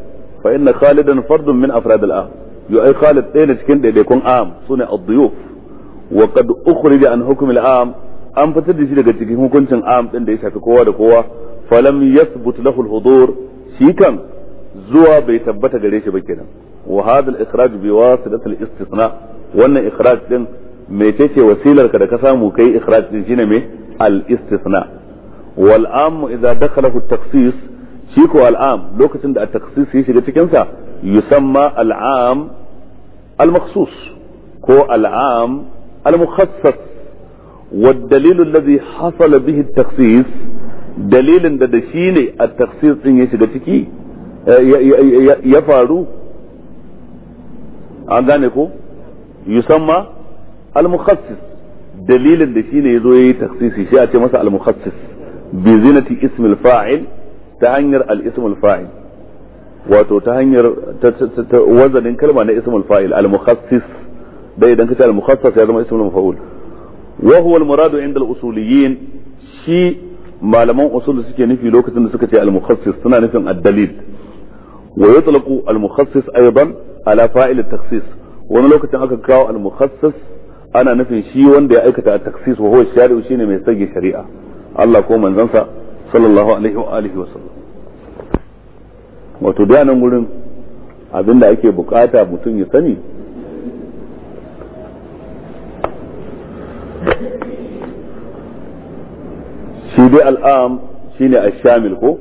فإن خالدا فرد من أفراد الأهل يؤي خالد تين كنت يكون عام صنع الضيوف وقد أخرج عن حكم العام أم فتدش لك تكيه كنت عام تين ديش كوا فلم يثبت له الحضور شيكا زوا بيثبت قريش بكنا وهذا الإخراج بواسطة الاستثناء وأن إخراج تين ميتيش وسيلة كده كسامو كي إخراج تين الاستثناء والعام إذا دخله التخصيص shi ko al'am lokacin da at-takhsis ya shiga cikin sa yusamma al'am al-makhsus ko al'am al-mukhassas dalil alladhi hasala bihi at-takhsis dalilin da da shi ne at takhsis din ya shiga ciki ya faru an gane ko yusamma al mukhassas dalilin da shi shine yazo yayi takhsisi shi a ce masa al mukhassas bi zinati ismil fa'il ta hanyar al-ismul fa'il wato ta hanyar wazanin kalma na ismul fa'il al-mukhassis dai idan kace al-mukhassas ya zama ismul maf'ul wa huwa al-muradu inda al-usuliyyin shi malaman usul suke nufi lokacin da suka ce al-mukhassis suna nufin ad-dalil wa yutlaqu al-mukhassis aidan ala fa'il at-takhsis wani lokacin aka kawo al-mukhassis ana nufin shi wanda ya aikata at-takhsis wa huwa shari'u shine mai sage shari'a Allah ko manzansa sallallahu alaihi wa alihi wa sallam wato da nan gurin abinda ake bukata mutum ya sani shi dai al'am shine ashamil ko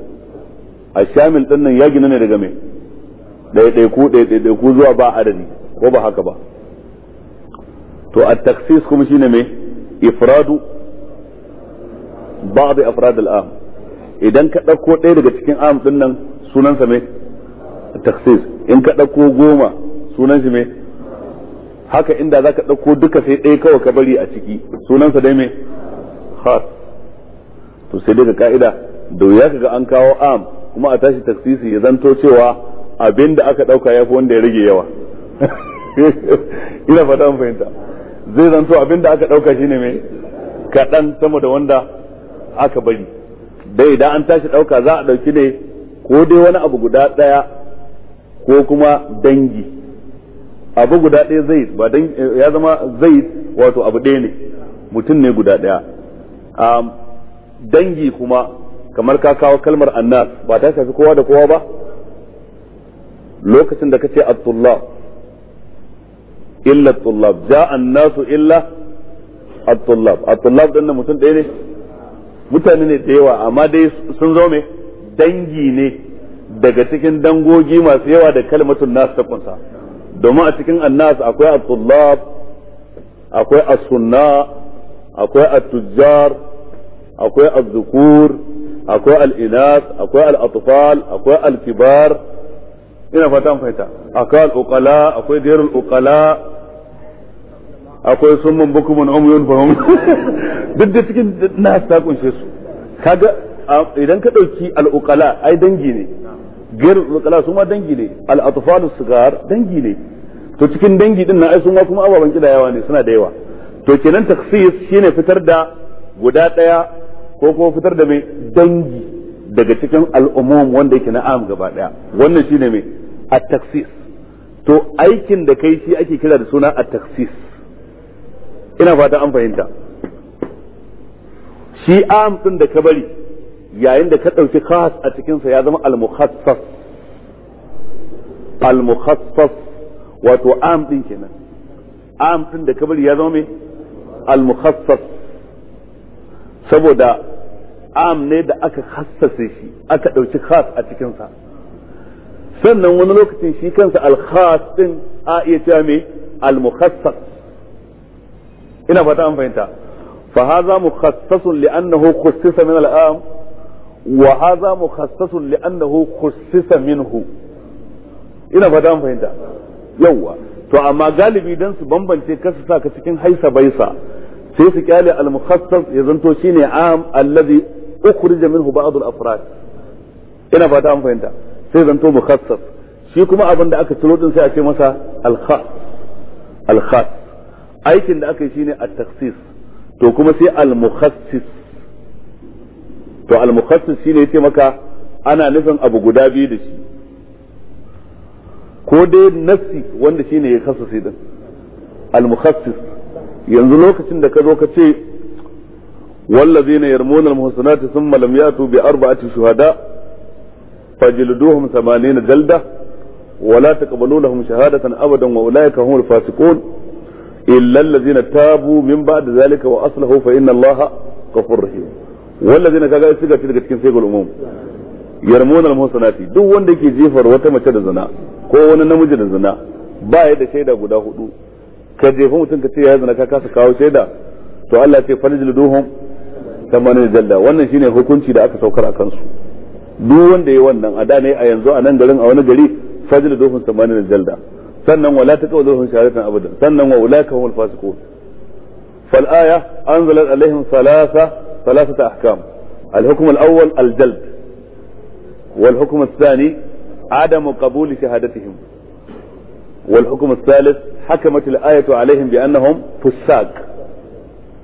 ashamil din nan ya gina ne daga mai. ɗaiɗaiku ɗaiɗaiku zuwa ba adadi ko ba haka ba to a taksis kuma shine mai. ifradu ba'd afrad al'am idan ka ɗauko ɗaya daga cikin am ɗin nan sunansa mai taksis in ka ɗauko goma sunan shi mai haka inda za ka ɗauko duka sai ɗaya kawai ka bari a ciki sunansa dai mai khas to sai daga ka'ida da wuya kaga an kawo am kuma a tashi taksisi ya zanto cewa abin da aka ɗauka ya fi wanda ya rage yawa <laughs> ina fata fahimta zai zanto abin da aka ɗauka shine mai kaɗan sama da wanda aka bari dai idan an tashi ɗauka za a ɗauki ne ko dai wani abu guda ɗaya ko kuma dangi abu guda ɗaya zai ba ya zama zai wato abu ɗaya ne mutum ne guda ɗaya dangi kuma kamar ka kawo kalmar annas ba ta shafi kowa da kowa ba lokacin da ka ce abdullah illa tullab ja annasu illa abdullah abdullah dan tullab mutum ɗaya ne mutane ne da yawa amma dai sun zo me dangi ne daga cikin dangogi masu yawa da kalmatun nas ta kunsa domin a cikin annas akwai at akwai as akwai atujjar akwai az-zukur akwai al'inas akwai al akwai alkibar ina fatan fahimta akwai al akwai ghairul ukala akwai sun mun mun bukumun umyun fahum <laughs> duk da cikin na ta kunshe su kaga idan ka dauki al-uqala ai dangi ne gair al-uqala su ma dangi ne al-atfal sigar dangi ne to cikin dangi din nan ai su ma kuma ababan kidayawa ne suna da yawa to kenan takhsis shine fitar da guda daya ko ko fitar da mai dangi daga cikin al-umum wanda yake na am gaba daya wannan shine mai at-takhsis to aikin da kai shi ake kira da suna at-takhsis ina fata an fahimta shi am din da ka bari yayin da ka ɗauki khas a cikinsa ya zama al-mukhassas al-mukhassas wato am din kenan am din da ka bari ya zama me al-mukhassas saboda am ne da aka hassase shi aka ɗauki khas a cikinsa sannan wani lokacin shi kansa al-khas din a iya cewa me al-mukhassas ina fata an fahimta fa hadha mukhassasun li annahu khussisa min al'am wa hadha mukhassasun li annahu khussisa minhu ina fata an fahimta yawa to amma galibi dan su bambance kasu sa ka cikin haisa baisa sai su kyale al-mukhassas ya zanto shine am alladhi ukhrija minhu ba'd al-afrad ina fata an fahimta sai zanto mukhassas shi kuma abin da aka ciro din sai a ce masa al-khas al-khas aikin da aka yi shine a takhsis to kuma sai al-mukhassis to al-mukhassis shine yace maka ana nufin abu guda biyu da shi ko dai nassi wanda shine ya kasance din al-mukhassis yanzu lokacin da ka zo ka ce wallazina yarmuna al-muhsanati jalda ولا تقبلوا لهم شهادة أبدا وأولئك هم الفاسقون illa ta tabu min ba'da zalika wa aslahu fa inna allaha ghafurur rahim wallazina kaga suka fi daga cikin sayyidul umum yarmuna al-muhsanati duk wanda yake jefar wata mace da zina ko wani namiji da zina ba ya da shaida guda hudu ka jefa mutum ka ce ya zina ka kasa kawo shaida to Allah ce fanjil duhum tamanin jalla wannan shine hukunci da aka saukar a kansu duk wanda wannan a da ne a yanzu a nan garin a wani gari fajil duhum tamanin jalla sannan wala taqawlu shahadatan abadan sannan wa ulaka humul fasiqun fal aya anzalat alaihim salasa thalathata ahkam al al al al hukm hukm awwal jald wal thani adam qabul shahadatihim wal hukm al thalith hakamat al ayatu alaihim bi annahum fusaq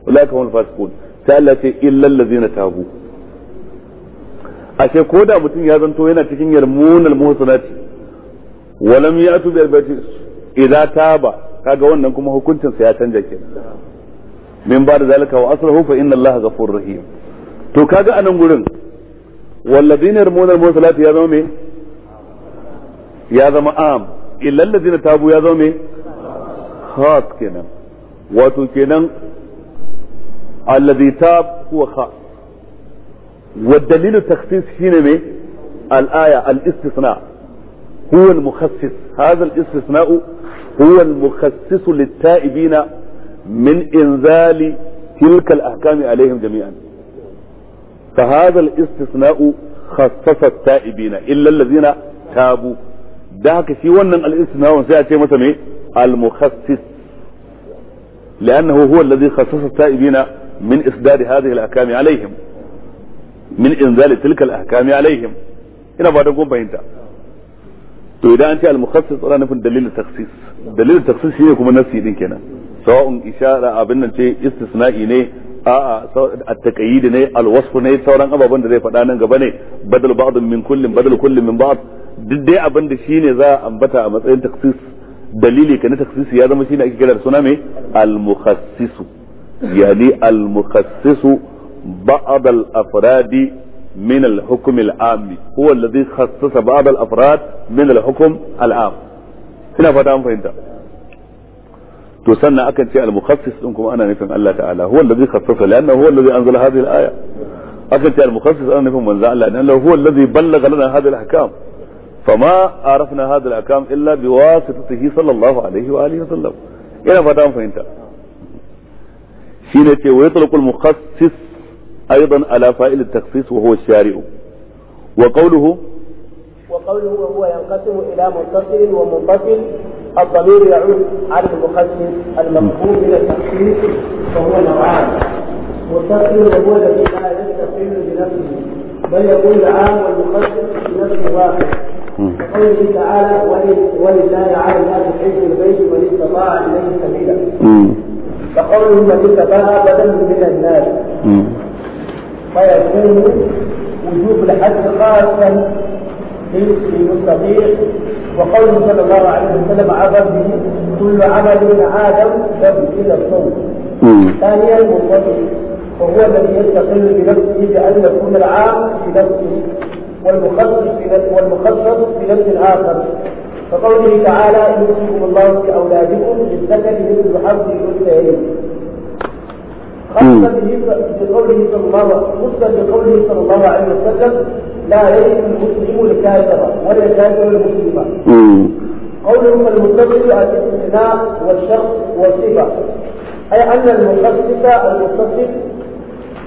ulaka humul fasiqun talati illa alladhina tabu ashe koda mutun ya zanto yana cikin yarmunan muhsanati walam biyar bi albati idza taba kaga wannan kuma hukuncinsa ya canja kenan min ba da zalika wa asrahu fa inna allaha ghafurur rahim to kaga anan gurin walladina yarmuna almusalati ya zama me ya zama am illa alladina tabu ya zama me khas kenan wato kenan alladhi tab huwa kha والدليل التخصيص هنا الايه الاستثناء هو المخصص هذا الاستثناء هو المخصص للتائبين من انزال تلك الاحكام عليهم جميعا فهذا الاستثناء خصص التائبين الا الذين تابوا ذاك في ون الاستثناء سياتي مثلا المخصص لانه هو الذي خصص التائبين من اصدار هذه الاحكام عليهم من انزال تلك الاحكام عليهم هنا بعد قوم gumbayinta to idan an ce al-mukhassis ana nufin dalilin takhsis dalilin takhsis shine kuma nafsi din kenan sawa'un ishara abin nan ce istisna'i ne a'a at-taqyid ne al-wasf ne sauran ababen da zai faɗa nan gaba ne badal ba'd min kullin badal kullin min ba'd duk dai abin da shine za a ambata a matsayin takhsis dalili kana takhsis ya zama shine ake kira da suna me al yani al-mukhassisu ba'd al-afradi من الحكم العام هو الذي خصص بعض الافراد من الحكم العام هنا فدا ان فهمت تو سنة اكن المخصص انكم انا نفهم الله تعالى هو الذي خصص لانه هو الذي انزل هذه الايه اكن المخصص انا نفهم من زعل لانه هو الذي بلغ لنا هذه الاحكام فما عرفنا هذه الاحكام الا بواسطته صلى الله عليه واله وسلم هنا فدا ان فهمت شيء يطلق المخصص أيضا على فائل التخصيص وهو الشارع وقوله وقوله وهو ينقسم إلى متصل ومنفصل الضمير يعود على المقسم المفهوم من التخصيص فهو نوعان متصل وهو الذي لا يستقيم بنفسه بل يكون العام والمخصص بنفس واحد وقوله تعالى ولله على الناس حج البيت من استطاع اليه سبيلا فقوله من استطاع بدل من الناس فيكون وجوب الحج خاصا المستطيع وقوله صلى الله عليه وسلم عبد به كل عمل من ادم يبدو الى الصوم. ثانيا منفصل وهو الذي يستقل بنفسه بان يكون العام بنفسه والمخصص والمخصص بنفس الاخر فقوله تعالى يوصيكم الله في اولادكم للذكر مثل حظ الانثيين خاصة بقوله صلى الله عليه وسلم لا يجد المسلم الكافر ولا الكافر المسلم قوله المتصل الاستثناء والشخص والصفة أي أن المخصص المتصل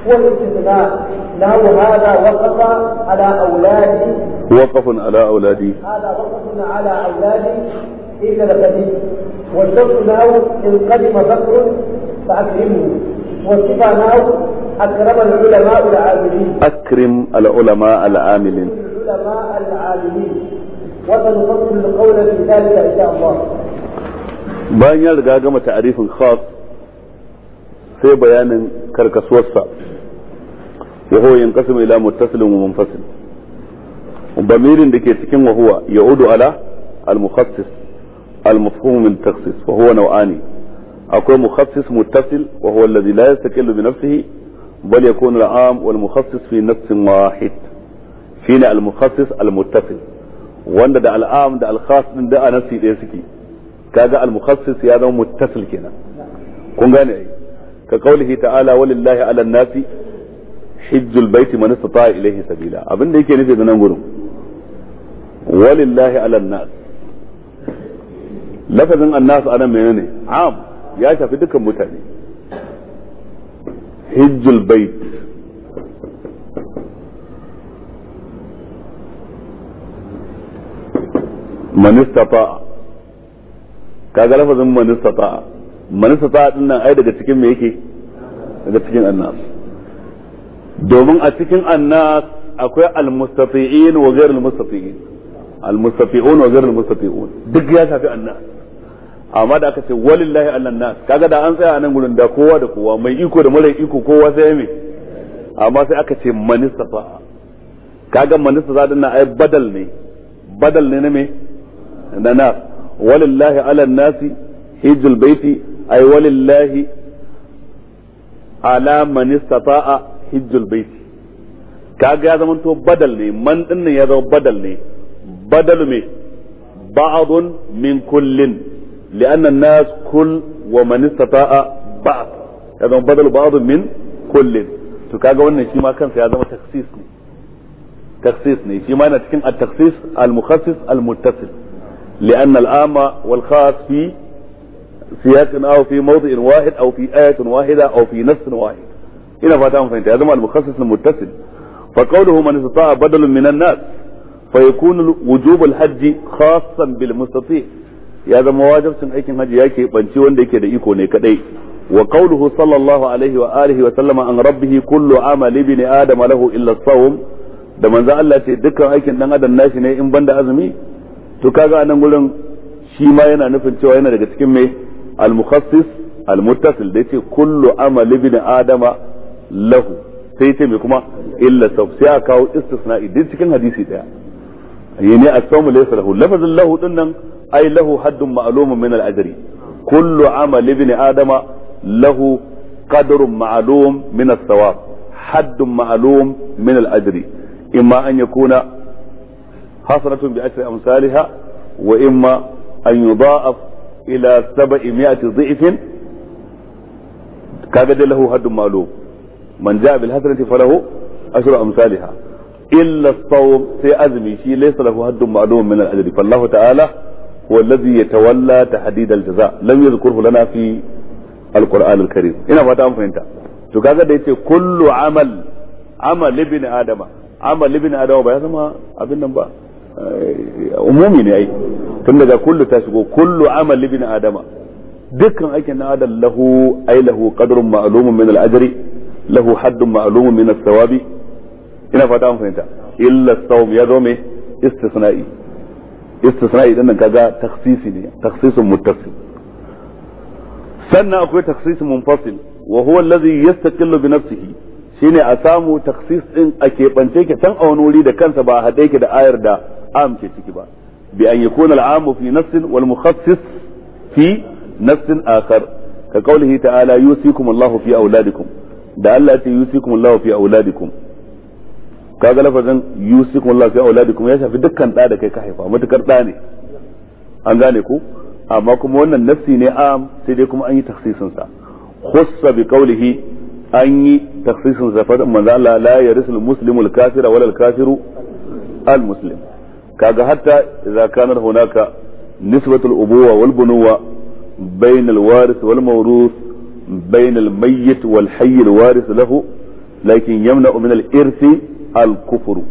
هو الاستثناء له هذا وقف على أولادي وقف على أولادي هذا وقف على أولادي إلا القديم والشخص له إن قدم بكر فأكرمه وصفناه أكرم العلماء العاملين أكرم العلماء العاملين العلماء العاملين وسنفصل القول في ذلك إن شاء الله bayan ya riga gama ta'arifin khas sai bayanin karkasuwarsa wa huwa yanqasimu ila muttasilin wa munfasil bamirin da ke cikin wa huwa ya'udu ala al-mukhassis al-mafhum al-takhsis wa huwa naw'ani akwai mukhassis muttasil wa huwa alladhi la yastaqillu bi nafsihi bal yakunu al-aam wal mukhassis fi nafsin wahid shine al-mukhassis al-muttasil wanda da al'am da al-khas din da a nafsi ɗaya suke kaga al-mukhassis ya zama muttasil kenan kun gane ai ka qaulihi ta'ala walillahi 'ala an-nasi hijjul baiti man istata'a ilayhi sabila abin da yake nufi da nan gurin walillahi 'ala an-nas lafazin an-nas anan menene am ya shafi dukan mutane hijjul bait man istata kaga lafazin man istata man istata din nan ai daga cikin me yake daga cikin annas domin a cikin annas akwai almustati'in wa ghayr almustati'in almustati'un wa ghayr almustati'un duk ya shafi annas amma da aka ce walillahi allan nas kaga da an tsaya a nan gurin da kowa da kowa mai iko da mara iko kowa sai me amma sai aka ce manistafa kaga manistafa din na ai badal ne badal ne na me na nas walillahi allan nasi hijjul baiti ai walillahi ala a hijjul baiti kaga ya zama to badal ne man din ya zama badal ne badal me ba'adun min kullin لأن الناس كل ومن استطاع بعض هذا بدل بعض من كل to kaga wannan shi ma kansa ya تخصيصني taksis ne taksis ne shi ma yana لأن العام والخاص في سياق أو في موضع واحد أو في آية واحدة أو في نص واحد إلى فاتهم فهمت هذا المخصص المتصل فقوله من استطاع بدل من الناس فيكون وجوب الحج خاصا بالمستطيع ya zama wajibcin aikin hajji ya ke banci wanda yake da iko ne kadai wa qawluhu sallallahu alaihi wa alihi wa sallama an rabbih kullu amali ibn adam lahu illa as-sawm da manzo Allah ce dukkan aikin dan adam nashi ne in banda azumi to kaga anan gurin shi ma yana nufin cewa yana daga cikin mai al-mukhassis al-muttasil da yace kullu amali ibn adam lahu sai ce me kuma illa sawm sai aka kawo istisna'i duk cikin hadisi daya yani as-sawm laysa lahu lafazin lahu din nan أي له حد معلوم من الأجر كل عمل ابن آدم له قدر معلوم من الثواب حد معلوم من الأجر إما أن يكون حسنة بعشر أمثالها وإما أن يضاعف إلى سبعمائة ضعف كاجد له حد معلوم من جاء بالحسنة فله عشر أمثالها إلا الصوم سيأزمي شيء ليس له حد معلوم من الأجر فالله تعالى هو الذي يتولى تحديد الجزاء لم يذكره لنا في القرآن الكريم هنا فاتا أم فهمتا to kaga da yace kullu amal amal ibn adama amal ibn adama ba ya zama abin nan ba umumi ne ai tun daga kullu ta kullu amal ibn adama dukkan aikin na adam lahu ai lahu qadrun ma'lumun min al-ajri lahu haddun ma'lumun min as-sawabi ina fata an fahimta illa as-sawm ya zo istisna'i istisna'i din nan kaga takhsisi ne takhsisun muttasil sannan akwai takhsisun munfasil wa huwa allazi yastaqillu bi nafsihi shine a samu takhsis din a keɓance ke can a wani wuri da kansa ba a haɗe ki da ayar da am ke ciki ba bi an yakuna al'amu fi nafsin wal mukhassis fi nafsin akhar ka qawlihi ta'ala yusikum Allahu fi auladikum da Allah ya ce yusikum Allahu fi auladikum kaga lafazin kuma Allah fi kuma ya shafi dukkan da kai ka haifa matukar da ne an gane ku amma kuma wannan nafsi ne am sai dai kuma an yi takhsisin sa khussa bi qawlihi an yi takhsisin sa fadin manzo Allah la yarisul muslimu al-kafira wala al-kafiru al-muslim kaga hatta idza kana hunaka nisbatul ubuwa wal bunuwa bain al-waris wal mawrus bain al-mayyit wal hayy al-waris lahu lakin yamna min al al-kufru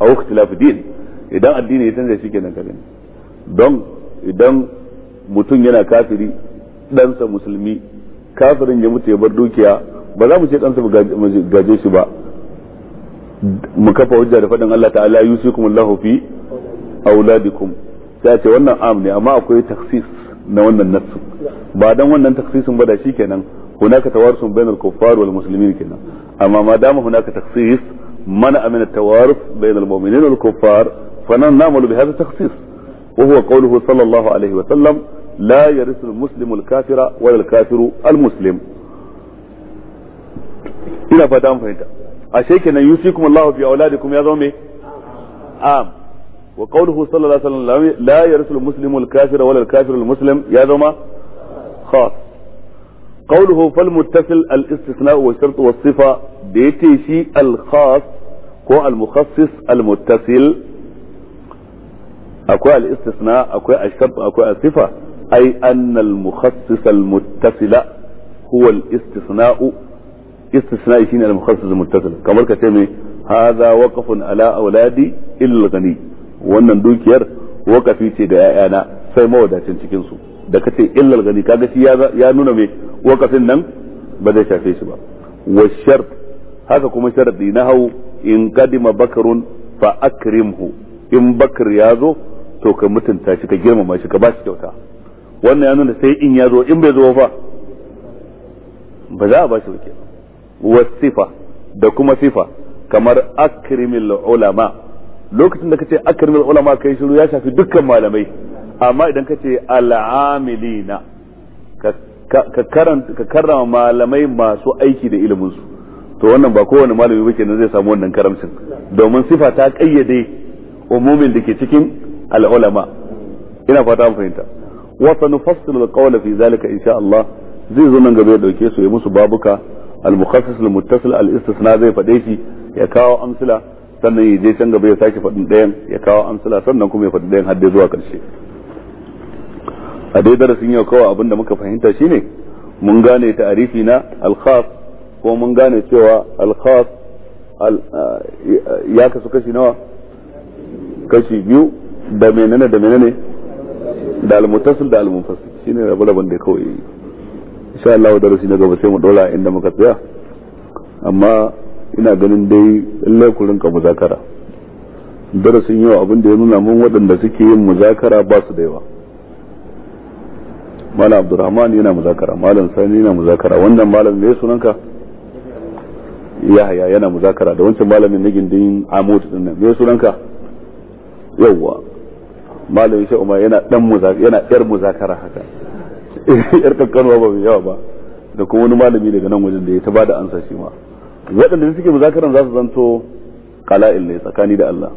aw ikhtilaf din idan addini ya canza shi kenan ka gani don idan mutum yana kafiri ɗansa musulmi kafirin ya mutu ya bar dukiya ba za mu ce ɗansa mu gaje shi ba mu kafa hujja da faɗin Allah ta'ala yusikum Allahu fi auladikum sai ce wannan am ne amma akwai taksis na wannan nassin ba dan wannan taksisin ba da shikenan hunaka tawarsun bainal kuffar wal muslimin kenan amma ma dama hunaka taksis منع من التوارث بين المؤمنين والكفار فنعمل بهذا التخصيص وهو قوله صلى الله عليه وسلم لا يرث المسلم الكافر ولا الكافر المسلم إلى فتام فهمت أشيك أن يوصيكم الله في أولادكم يا ظومي عام وقوله صلى الله عليه وسلم لا يرث المسلم الكافر ولا الكافر المسلم يا ظومة خاص قوله فالمتصل الاستثناء والشرط والصفة بيتي شيء الخاص ko al-mukhassis al-muttasil akwai al-istisna akwai al-shart akwai al-sifa ay anna al-mukhassis al-muttasila huwa al-istisna'u istisna'i shine al-mukhassis al-muttasil kamar ka ce me hadha waqfun ala auladi illa ghani wannan dukiyar wakafi ce da 'ya'yana sai mawadacin cikin su da kace illal gani kaga shi ya nuna me wakafin nan ba zai shafe shi ba wa shart haka kuma sharadi na hau in kadima bakarun fa akrimhu in bakar ya zo to ka mutunta shi ka girmama shi ka ba shi kyauta wannan ya nuna sai in ya zo in bai zo ba ba za a ba shi wasifa da kuma sifa kamar akrimil ulama lokacin da kace akrimil ulama kai shiru ya shafi dukkan malamai amma idan kace al'amilina ka karanta ka karrama malamai masu aiki da ilimin su to wannan ba kowane malami ba kenan zai samu wannan karamcin domin sifa ta kayyade umumin da ke cikin al'ulama ina fata an fahimta wa sanufassilu alqawla fi zalika insha Allah zai zo nan gaba ya dauke su ya musu babuka al-mukhassis al-muttasil al-istisna zai fade shi ya kawo amsila sannan ya je can gaba ya sake fadin dayan ya kawo amsila sannan kuma ya fadi dayan har dai zuwa karshe a dai darasin yau kawai abinda muka fahimta shine mun gane ta'arifi na al-khas ko mun gane cewa alkhas ya kasu kashi nawa kashi biyu da menene da menene da almutasil da almunfasil shine rabe-raben da kawai insha Allah da rashin gaba sai mu dora inda muka tsaya amma ina ganin dai lallai ku rinka muzakara darasin yau abin da ya nuna mun waɗanda suke yin muzakara ba su da yawa malam abdurrahman yana muzakara malam sani yana muzakara wannan malam ne sunanka yahaya yana muzakara da wancan malamin na gindin amud din nan me sunanka yawwa malamin shi umar yana dan muzakara yana yar muzakara haka <laughs> yar kankanuwa ba mai yawa ba da kuma wani malami daga nan wajen da ya ta bada ansa shi ma waɗanda suke muzakaran za su zanto qala'il ne tsakani da Allah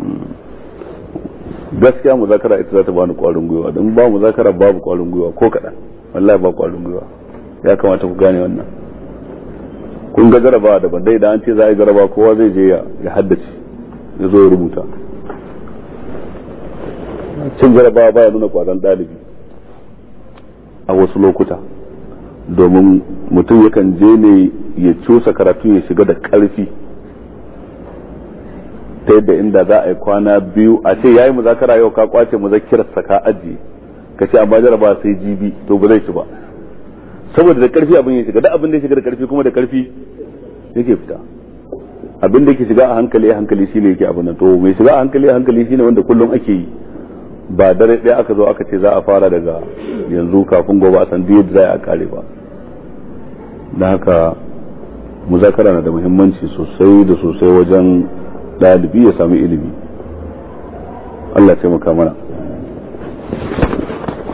hmm. gaskiya muzakara ita za ta bani kwarin gwiwa don ba muzakara babu kwarin gwiwa ko kaɗan wallahi ba kwarin gwiwa ya kamata ku gane wannan kun ga jarabawa daban dai da an ce za a yi kowa zai je ya haddace ya zo ya rubuta cin jarabawa baya nuna kwazon dalibi a wasu lokuta domin mutum yakan je ne ya cusa karatu ya shiga da ƙarfi ta yadda inda za a yi kwana biyu a ce yayi muzakara yau ka kwace muzakirar sa ka ajiye ka ce amma jaraba sai jibi to ba zai ci ba saboda da karfi abin ya shiga da abin da ya shiga da karfi kuma da karfi yake fita abin da yake shiga a hankali a hankali shine yake abin nan to mai shiga a hankali a hankali shine wanda kullum ake yi ba dare ɗaya aka zo aka ce za a fara daga yanzu kafin gobe a san yadda za a kare ba da haka muzakara na da muhimmanci sosai da sosai wajen ɗalibi ya sami ilimi Allah taimaka mana